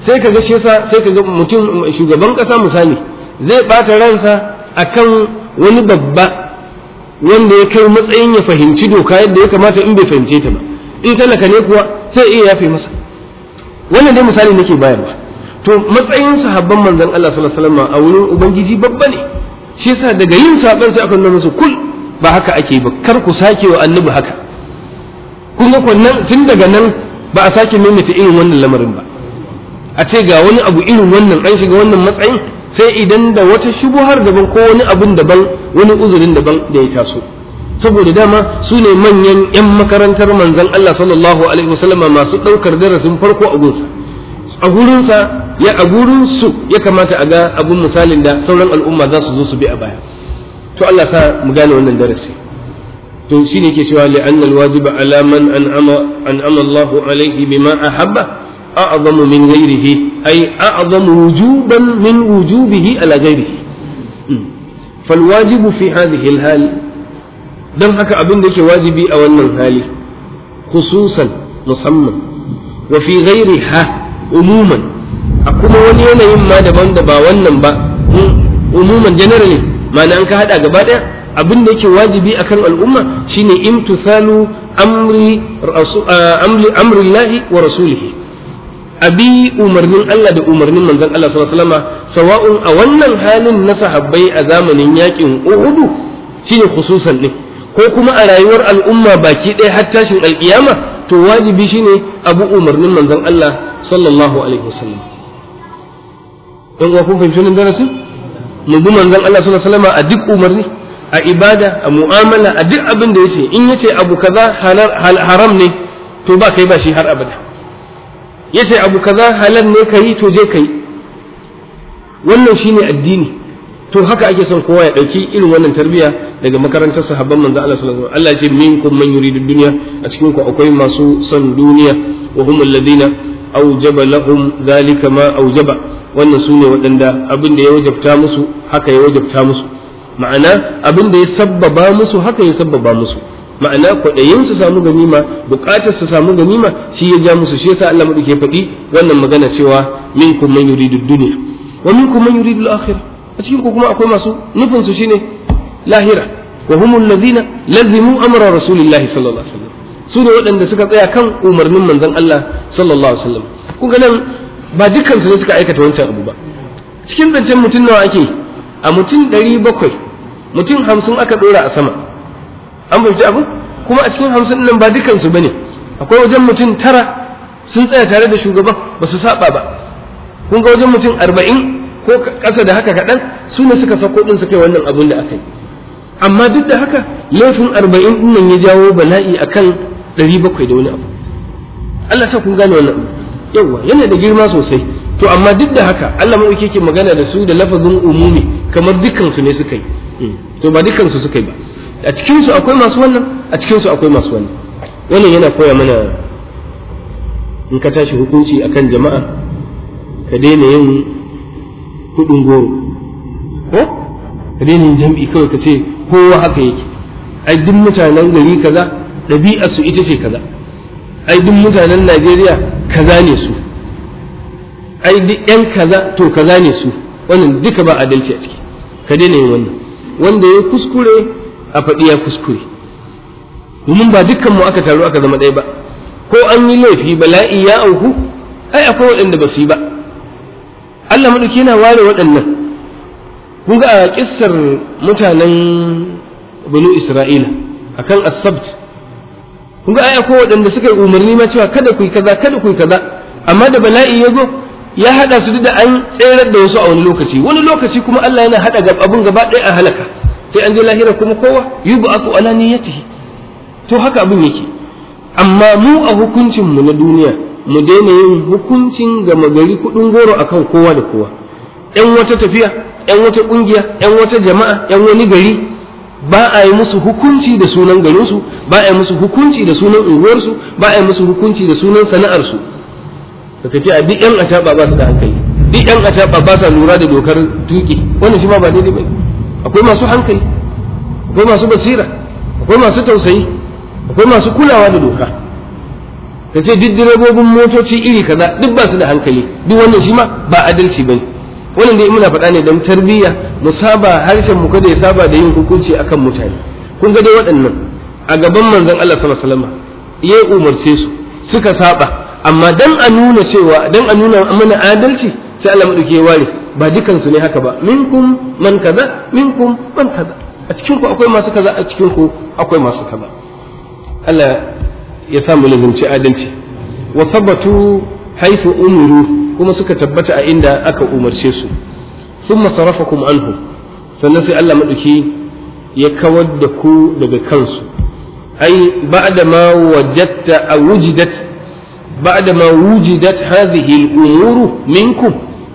sai ka ga shi yasa sai ka ga mutum shugaban kasa misali zai bata ransa akan wani babba wanda ya kai matsayin ya fahimci doka yadda ya kamata in bai fahimce ta ba in talaka ne kuwa sai iya yafe masa wannan dai misali nake bayarwa to matsayin sahabban manzon Allah sallallahu alaihi wasallam a wurin ubangiji babba ne shi yasa daga yin sabon sai aka nuna musu kul ba haka ake ba kar ku sake wa annabi haka kun ga nan tun daga nan ba a sake maimaita irin wannan lamarin ba a ce ga wani abu irin wannan an shiga wannan matsayin sai idan da wata shubuhar daban ko wani abun daban wani uzurin daban da ya taso saboda dama su ne manyan 'yan makarantar manzan. Allah sallallahu alaihi wasallama masu ɗaukar darasin farko a gunsa a gurinsa ya a gurinsu ya kamata a ga abun misalin da sauran al'umma za su zo su bi a baya to Allah sa mu gane wannan darasi to shine yake cewa li anna alwajiba ala man an'ama an'ama Allah alayhi bima ahabba a'zamu min ghayrihi ay a'zamu wujuban min wujubihi ala ghayrihi فالواجب في هذه الحال don haka abin da yake wajibi a wannan hali khususan musamman wa fi ghairiha umuman a kuma wani yanayin ma daban da ba wannan ba hmm, umuman generally ma'ana an ka hada gaba daya abin da yake wajibi akan al'umma shine imtithalu amri amri amri lahi wa rasulihi abi umarnin Allah da umarnin manzon Allah sallallahu alaihi sawa'un a wannan halin na sahabbai a zamanin yakin Uhud shine khususan din ko kuma a rayuwar al'umma baki ɗaya har tashin alkiyama to wajibi shine abu umarnin manzon Allah sallallahu alaihi wasallam dan uwa kun fahimci wannan darasin mu bi manzon Allah sallallahu alaihi wasallam a duk umarni a ibada a mu'amala a duk abin da yace in yace abu kaza haram ne to ba kai ba shi har abada yace abu kaza halal ne kai to je kai wannan shine addini to haka ake son kowa ya ɗauki, irin wannan tarbiyya daga makarantar sahabban manzo Allah sallallahu alaihi Allah ya ce minkum man yuridu dunya a cikin ku akwai masu son duniya wa humul ladina aujaba lahum zalika ma aujaba wannan sune waɗanda abin da ya wajabta musu haka ya wajabta musu ma'ana abin da ya sabbaba musu haka ya sabbaba musu ma'ana kwaɗayin su samu ganima buƙatar su samu ganima shi ya ja musu shi yasa Allah madauke faɗi wannan magana cewa minkum man yuridu dunya wa min minkum man yuridu al-akhirah a cikin ku kuma akwai masu nufin su shine lahira wa humul allazina lazimu amra rasulillahi sallallahu alaihi wasallam su ne waɗanda suka tsaya kan umarnin manzon Allah sallallahu alaihi wasallam kun ga nan ba dukkan su ne suka aikata wancan abu ba cikin zancen mutum nawa ake a mutum 700 bakwai mutum hamsin aka ɗora a sama an fahimci abu kuma a cikin hamsin nan ba dukkan su bane akwai wajen mutum tara sun tsaya tare da shugaban ba su saba ba kun ga wajen mutum arba'in ko ƙasa da haka kaɗan su ne suka sauko ɗin suke wannan abun da aka yi amma duk da haka laifin arba'in ɗin nan ya jawo bala'i akan ɗari bakwai da wani abu Allah sa kun gane wannan yawa yana da girma sosai to amma duk da haka Allah mu yake magana da su da lafazin umumi kamar dukkan su ne suka yi hmm. to ba dukkan su suka yi ba a cikin su akwai masu wannan a cikin su akwai masu wannan wannan yana koya mana in ka tashi hukunci akan jama'a ka daina yin kudin goro ko ka daina yin jam'i kawai ka ce kowa haka yake ai duk mutanen gari kaza ɗabi'a su ita ce kaza ai duk mutanen Najeriya kaza ne su ai duk yan kaza to kaza ne su wannan duka ba adalci a ciki ka daina yin wannan wanda ya kuskure a faɗi ya kuskure domin ba dukkan mu aka taru aka zama ɗaya ba ko an yi laifi bala'i ya auku ai akwai waɗanda ba su yi ba Allah maɗauki yana ware waɗannan kun ga a kissar mutanen Bani isra'ila a kan asabt kun ga a ko waɗanda suka yi umarni ma cewa kada ku yi kaza kada ku yi kaza amma da bala'i ya zo ya haɗa su da an tserar da wasu a wani lokaci wani lokaci kuma Allah yana haɗa abun gaba ɗaya a halaka sai an je lahira kuma kowa yi ni ya niyyatihi to haka abin yake amma mu a hukuncinmu na duniya mu daina yin hukuncin gama gari kuɗin goro akan kowa da kowa ‘yan wata tafiya ‘yan wata ƙungiya ‘yan wata jama'a ‘yan wani gari ba a yi musu hukunci da sunan garinsu ba a yi musu hukunci da sunan unguwarsu ba a yi musu hukunci da sunan sana'arsu ka tafi a duk ‘yan acaɓa ba su da hankali duk ‘yan acaɓa ba sa lura da dokar tuƙi wannan shi ma ba daidai ba akwai masu hankali akwai masu basira akwai masu tausayi akwai masu kulawa da doka ka ce duk direbobin motoci iri kaza duk ba su da hankali duk wannan shi ma ba adalci bane wannan dai muna faɗa ne don tarbiyya mu saba harshen mu kada ya saba da yin hukunci akan mutane kun ga dai waɗannan a gaban manzon Allah sallallahu alaihi wasallam ya umarce su suka saba amma dan a nuna cewa dan a nuna mana adalci sai Allah duke ware ba dukan su ne haka ba minkum man kaza minkum man kaza a cikin ku akwai masu kaza a cikin ku akwai masu kaza Allah ya sa mu lazumci adalci wa sabbatu haifu umuru kuma suka tabbata a inda aka umarce su thumma kuma anhu sannan sai Allah maɗuki ya kawar da ku daga kansu ai da ma wajadta aw wujidat da ma wujidat hadhihi al-umur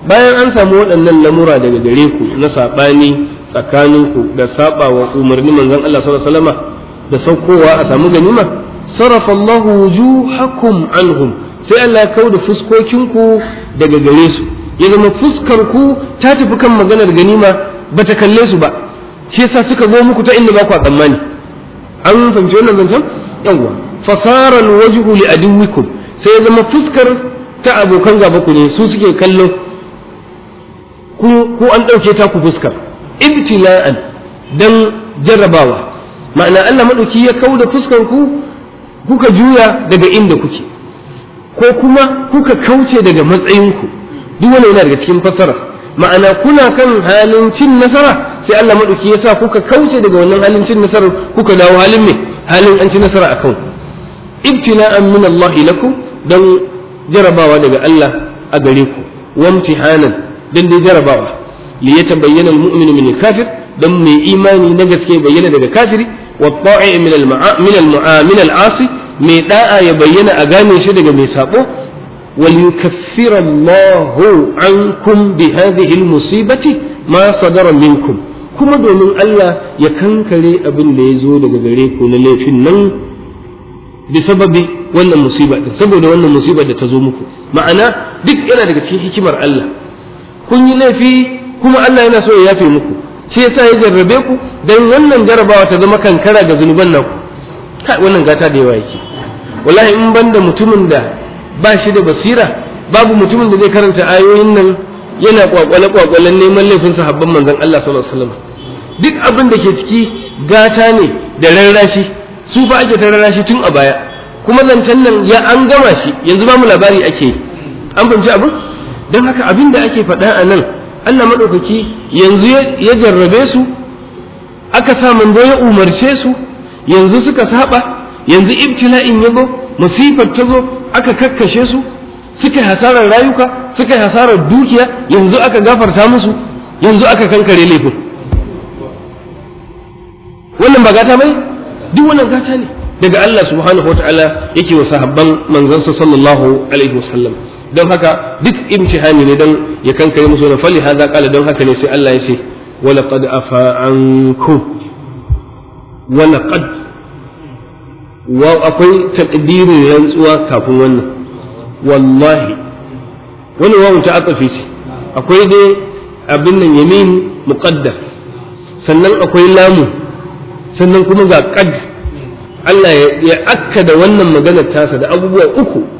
bayan an samu waɗannan lamura daga gare ku na saɓani tsakaninku da saba wa umarni manzon Allah sallallahu alaihi wasallama da saukowa a samu ganima sarafa Allah wujuhakum anhum sai Allah ya kauda fuskokinku daga gare su ya zama fuskar ku ta tafi kan maganar ganima bata kalle su ba shi yasa suka zo muku ta inda ba ku tsammani an fahimci wannan zancen yawwa fasara alwajhu li aduwikum sai ya zama fuskar ta abokan gaba ku ne su suke kallo ku an ɗauke ta ku fuskar ibtila'an dan jarrabawa ma'ana Allah madauki ya kauda fuskar ku kuka juya daga inda kuke ko kuma kuka kauce daga matsayinku duk wani yana daga cikin fasara ma'ana kuna kan halin cin nasara sai Allah maduki ya sa kuka kauce daga wannan halin cin nasarar kuka dawo halin me halin an ci nasara akan ibtina'an min Allah lakum dan jarabawa daga Allah a gare ku wamtihanan dan dai jarabawa li yatabayyana al-mu'minu min al-kafir dan mai imani na gaske bayyana daga kafiri والطاعي من المع... من mai ɗa'a ya bayyana a gane shi daga mai sabo wal yukaffiru Allahu ankum bi hadhihi al musibati ma sadara minkum kuma domin Allah ya kankare abin da ya zo daga gare ku na laifin nan bi sababi wannan musiba saboda wannan musiba da ta zo muku ma'ana duk yana daga cikin hikimar Allah kun yi laifi kuma Allah yana so ya yafe muku shi yasa ya jarrabe ku dan wannan jarabawa ta zama kankara ga zunuban nan kai wannan gata da yawa yake wallahi in banda mutumin da ba shi da basira babu mutumin da zai karanta ayoyin nan yana kwakwale kwakwalen neman laifin sahabban manzon Allah sallallahu alaihi wasallam duk abin da ke ciki gata ne da rarrashi su fa ake ta rarrashi tun a baya kuma zancen nan ya an gama shi yanzu ba mu labari ake an fahimci abin don haka abin da ake faɗa a nan Allah maɗaukaki yanzu ya jarrabe su aka sa manzo ya umarce su yanzu suka saba yanzu ibtila'in ya zo masifar ta zo aka kakkashe su suka hasarar rayuka suka hasarar dukiya yanzu aka gafarta musu yanzu aka kankare laifin wannan ba gata bai duk wannan gata ne daga Allah subhanahu wa ta'ala yake wa sahabban manzansa sallallahu alaihi wasallam don haka duk imtihani ne don ya kankare musu na fali haza kala don haka ne sai Allah ya ce wala qad afa ankum wala qad wa akwai taqdirin rantsuwa kafin wannan wallahi wani wawu ta akafi ce akwai dai abin nan yamin muqaddar sannan akwai lamu sannan kuma ga qad Allah ya da wannan maganar tasa da abubuwa uku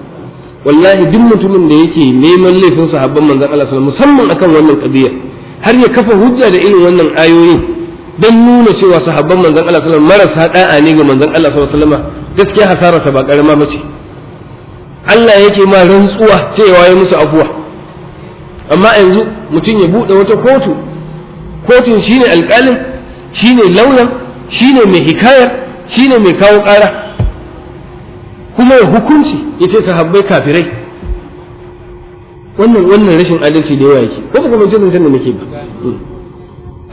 wallahi duk mutumin da yake neman laifin sahabban manzon Allah sallallahu musamman akan wannan qadiyya har ya kafa hujja da irin wannan ayoyi dan nuna cewa sahabban manzon Allah sallallahu marasa da'a ne ga manzon Allah sallallahu gaskiya hasararsa ba karama ba Allah yake ma rantsuwa cewa ya musu afuwa amma yanzu mutum ya bude wata kotu kotun shine alƙalin shine lauyan shine mai hikaya shine mai kawo ƙara kuma ya hukunci ya ce sahabbai kafirai wannan wannan rashin adalci da yawa yake ko ba kuma jin da nake ba hmm.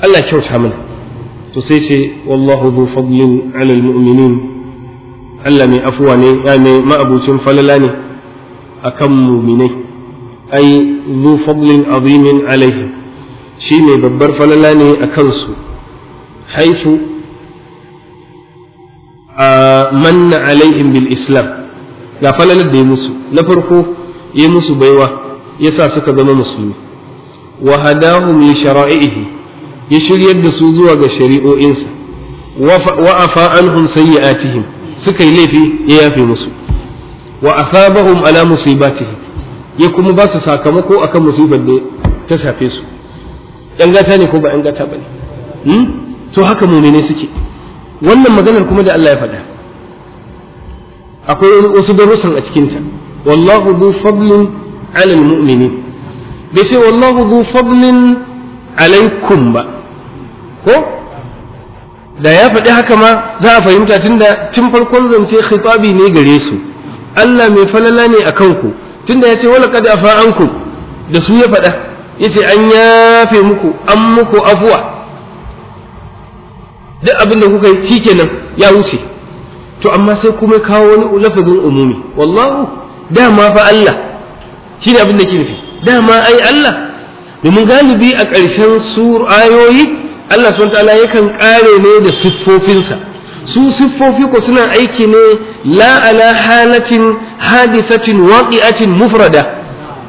Allah kyauta mana to sai ce wallahu dhu fadlin 'ala Allah mai afuwa ne ya mai ma'abucin falala ne akan mu'minai ai dhu fadlin azimin alaihi shi mai babbar falala ne akan su haifu A manna alaihim bil islam ga falalar da ya musu na farko ya musu baiwa yasa suka zama musulmi wa hadahum li shara'ihi ya shiryar da su zuwa ga shari'o'insa wa afa anhum sayyi'atihim suka yi laifi ya yafe musu wa asabahum ala musibatihim ya kuma ba su sakamako akan musibar da ta shafe su ɗan gata ne ko ba ɗan gata ba ne hmm? to haka mumine suke wannan maganar kuma da Allah ya faɗa akwai wasu darussan a cikinta wallahu du fadlin ala almu'minin bai sai wallahu du fadlin alaikum ba ko da ya faɗi haka ma za a fahimta tunda tun farkon zance khitabi ne gare su Allah mai falala ne a kanku tunda ya ce wala qad afa da su ya faɗa yace an yafe muku an muku afuwa duk abin da kuka yi kenan ya wuce to amma sai kuma kawo wani lafazin umumi wallahu dama fa Allah ne abin da ke nufi dama ai Allah domin galibi a ƙarshen sur ayoyi Allah subhanahu ta'ala yakan ƙare ne da siffofinsa su siffofi ko suna aiki ne la ala halatin hadisatin waqi'atin mufrada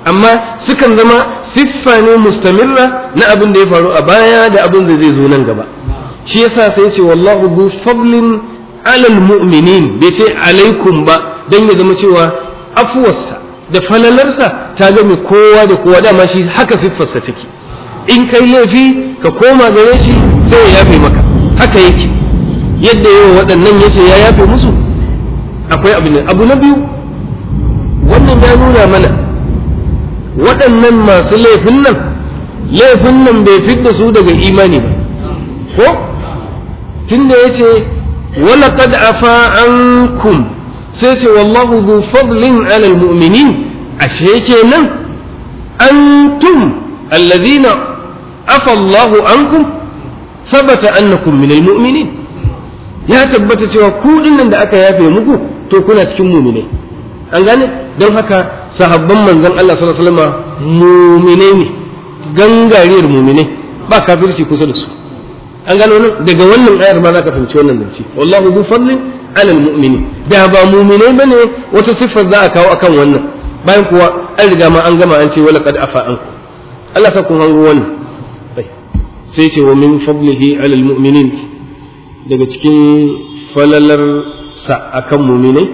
amma sukan zama siffa ne mustamirra na abin da ya faru a baya da abin da zai zo nan gaba shi yasa sai ce wallahu bu fadlin alal mu'minin bai ce alaikum ba dan ya zama cewa afuwarsa da falalarsa ta gami kowa da kowa dama shi haka siffarsa take in kai laifi ka koma gare shi sai ya yafe maka haka yake yadda yawa waɗannan yace ya yafe musu akwai abu ne abu na biyu wannan ya nuna mana waɗannan masu laifin nan laifin nan bai fidda su daga imani ba ko tunda yace wala qad afa ankum sai ce wallahu dhu fadlin ala almu'minin ashe kenan antum alladhina afa Allahu ankum sabata annakum min muminin, ya tabbata cewa ku dinnan da aka yafe muku to kuna cikin mu'minai an gane don haka sahabban manzon Allah sallallahu alaihi wasallam mu'minai ne gangariyar mu'minai ba kafirci kusa da su an gano nan daga wannan ayar ma ka fahimci wannan zance wallahu zu fadlin alal mu'mini da ba mu'minai bane wata siffar za a kawo akan wannan bayan kuwa an riga ma an gama an ce wala qad afa an Allah ka kun hango wannan sai ce wa min fadlihi alal mu'minin daga cikin falalar sa akan mu'minai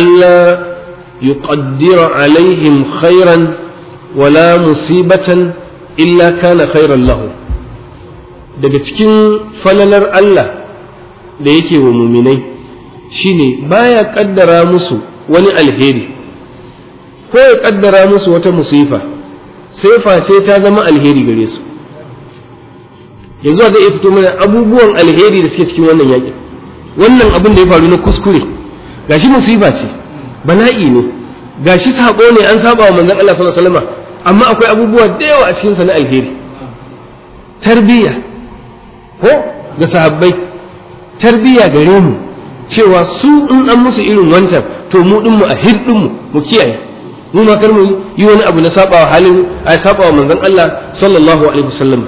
Allah yuqaddira alaihim khairan wala musibatan illa kana khairan lahum daga cikin falalar Allah da yake wa muminai shine baya kaddara musu wani alheri ko ya kaddara musu wata musifa sai face ta zama alheri gare su yanzu zai fito mana abubuwan alheri da suke cikin wannan yaƙi wannan abin da ya faru na kuskure gashi musifa ce bala'i ne gashi saƙo ne an saba wa manzon Allah sallallahu alaihi wasallam amma akwai abubuwa da yawa a cikin sa na alheri tarbiyya ko ga sahabbai tarbiyya gare mu cewa su in an musu irin wancan to mu din mu a hirdin mu mu kiyaye mu ma kar mu yi wani abu na sabawa halin ai sabawa manzon Allah sallallahu alaihi wasallam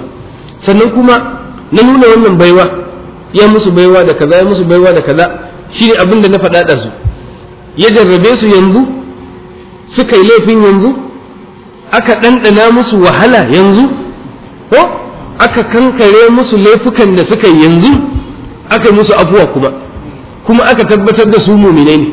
sannan kuma na nuna wannan baiwa ya musu baiwa da kaza ya musu baiwa da kaza shine abin da na faɗa da su ya jarrabe su yanzu suka yi laifin yanzu aka ɗanɗana musu wahala yanzu ko aka kankare musu laifukan da suka yanzu aka musu afuwa kuma kuma aka tabbatar da su muminai ne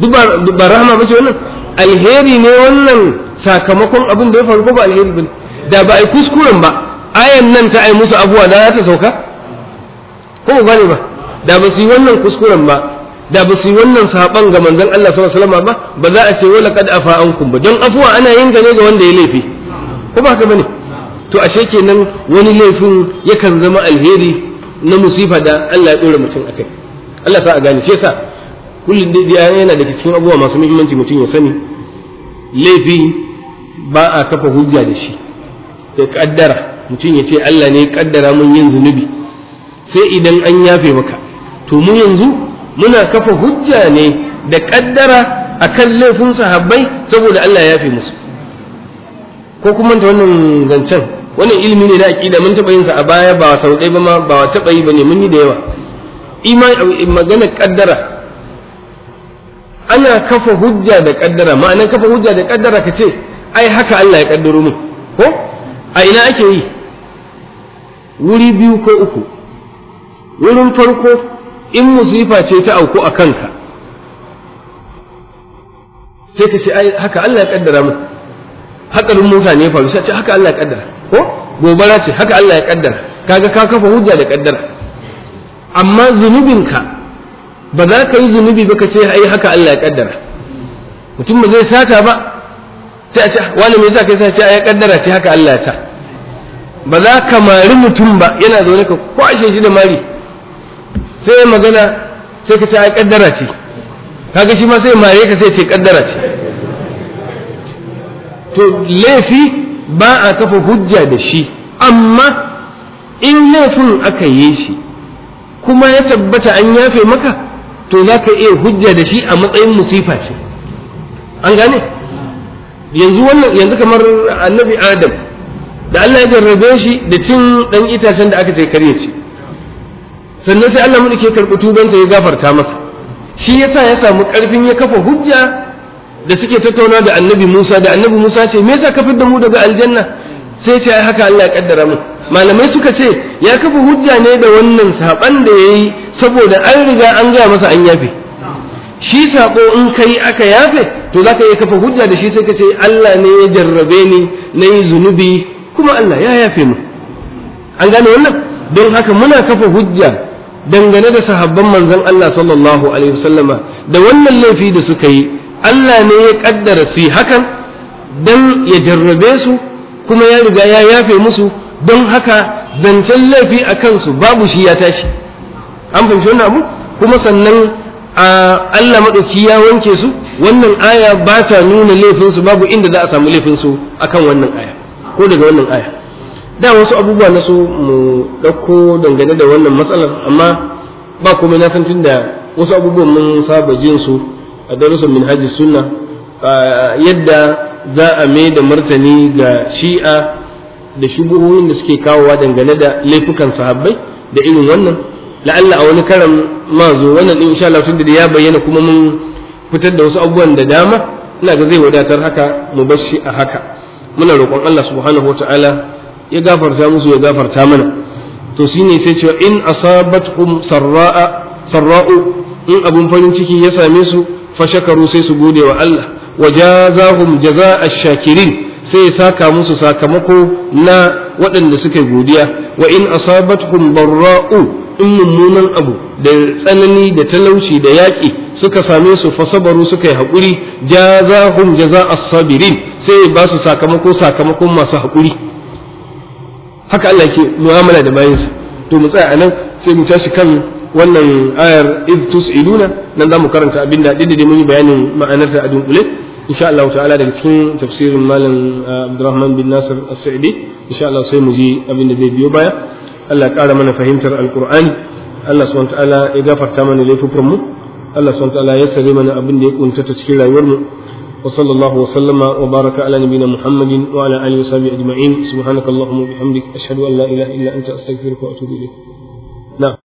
duk ba rahama ba ce wannan alheri ne wannan sakamakon abin da ya faru ko ba alheri bane da ba ai kuskuren ba ayan nan ta ai musu abuwa da ta sauka ko ba ne ba da ba su yi wannan kuskuren ba da ba su yi wannan saban ga manzon Allah sallallahu alaihi wasallam ba ba za a ce wala kad afa ankum ba don afuwa ana yin gane ga wanda ya laifi ko ba haka bane to ashe kenan wani laifin yakan zama alheri na musifa da Allah ya dora mutum akai Allah sa a gane shi yasa kullum dai yana da cikin abubuwa masu muhimmanci mutum ya sani laifi ba a kafa hujja da shi da kaddara mutum ya ce Allah ne kaddara mun yin zunubi sai idan an yafe maka to mu yanzu muna kafa hujja ne da kaddara akan laifin sahabbai saboda Allah ya yafe musu ko kuma wannan zancen wannan ilimi ne na aqida mun taba yin sa a baya ba sau ɗaya ba ma ba taɓa yi bane mun yi da yawa iman magana kaddara ana kafa hujja da kaddara ma'anar kafa hujja da kaddara ka ce ai haka Allah ya kaddaro mu ko a ina ake yi wuri biyu ko uku wurin farko in musifa ce ta auku a kanka sai ka ce ai haka Allah ya kaddara mu hakarin mutane faru sai ce haka Allah ya kaddara ko gobara ce haka Allah ya kaddara kaga ka kafa hujja da kaddara amma zunubinka ba za ka yi zunubi ba ka ce ai haka Allah ya kaddara mutum ba zai sata ba ce a ce ah, wani mai zaka kai sai ce ai kaddara ce haka Allah ya sa ba za ka mari mutum ba yana zaune ka kwashe shi da mari sai magana sai ka ce ai kaddara ce kaga shi ma sai mare ka sai ce kaddara ce to laifi ba a kafa hujja da shi amma in laifin aka yi shi kuma ya tabbata an yafe maka to za ka iya hujja da shi a matsayin musifa ce an gane yanzu wannan yanzu kamar annabi adam da Allah ya jarrabe shi da cin dan itacen da aka ce kare shi sannan sai Allah mu ke karɓi tubansa ya gafarta masa shi yasa ya samu ƙarfin ya kafa hujja da suke tattauna da annabi Musa da annabi Musa ce me yasa ka fidda mu daga aljanna sai ce ai haka Allah ya kaddara mu malamai suka ce ya kafa hujja ne da wannan saban da yayi saboda an riga an ga masa an yafe shi sako in kai aka yafe to zaka iya kafa hujja da shi sai ka ce Allah ne ya jarrabe ni nayi yi zunubi kuma Allah ya yafe mu an gane wannan don haka muna kafa hujja dangane da sahabban manzon Allah sallallahu alaihi wasallama da wannan laifi da suka yi Allah ne ya kaddara su hakan don ya jarrabe su kuma ya riga ya yafe musu don haka zancen laifi a kansu babu shi ya tashi an fahimci wannan abu kuma sannan Allah maɗauki ya wanke su wannan aya ba ta nuna laifinsu babu inda za a samu laifinsu akan wannan aya ko daga wannan aya da wasu abubuwa na su mu ɗauko dangane da wannan matsalar amma ba komai na san tunda wasu abubuwan mun saba jin su a darusun min hajji sunna yadda za a mai da martani ga shi'a da shubuhohin da suke kawowa dangane da laifukan sahabbai da irin wannan la'alla a wani karan ma zo wannan din insha Allah tunda da ya bayyana kuma mun fitar da wasu abubuwan da dama ina ga zai wadatar haka mu bar shi a haka muna roƙon Allah subhanahu wataala ya gafarta musu ya gafarta mana to shine sai cewa in asabatuhum sarra'a sarra'u in abun farin ciki ya same su fa shakaru sai su gode wa Allah wa jazahum jazaa shakirin sai saka musu sakamako na waɗanda suka godiya wa in asabatkum barra'u in mummunan abu da tsanani da talauci da yaƙi suka same su fasabaru suka yi haƙuri jazahum jaza'a sabirin sai ba su sakamako sakamakon masu haƙuri haka Allah ke mu'amala da bayansa to mu tsaya anan sai mu tashi kan wannan ayar id tus'iluna nan zamu karanta abin da dindin mun yi bayanin ma'anar ta a dunkule insha Allah ta'ala daga cikin tafsirin malam ah, Abdurrahman bin Nasir As-Sa'idi insha Allah sai mu ji abin da zai biyo baya Allah ya ƙara mana fahimtar al Alƙur'ani Allah subhanahu ta'ala ya gafarta mana laifukan mu Allah subhanahu ta'ala ya sare mana abin da ya kuntata cikin rayuwar mu وصلى الله وسلم وبارك على نبينا محمد wa اله وصحبه اجمعين سبحانك اللهم وبحمدك اشهد ان لا اله الا انت استغفرك واتوب اليك نعم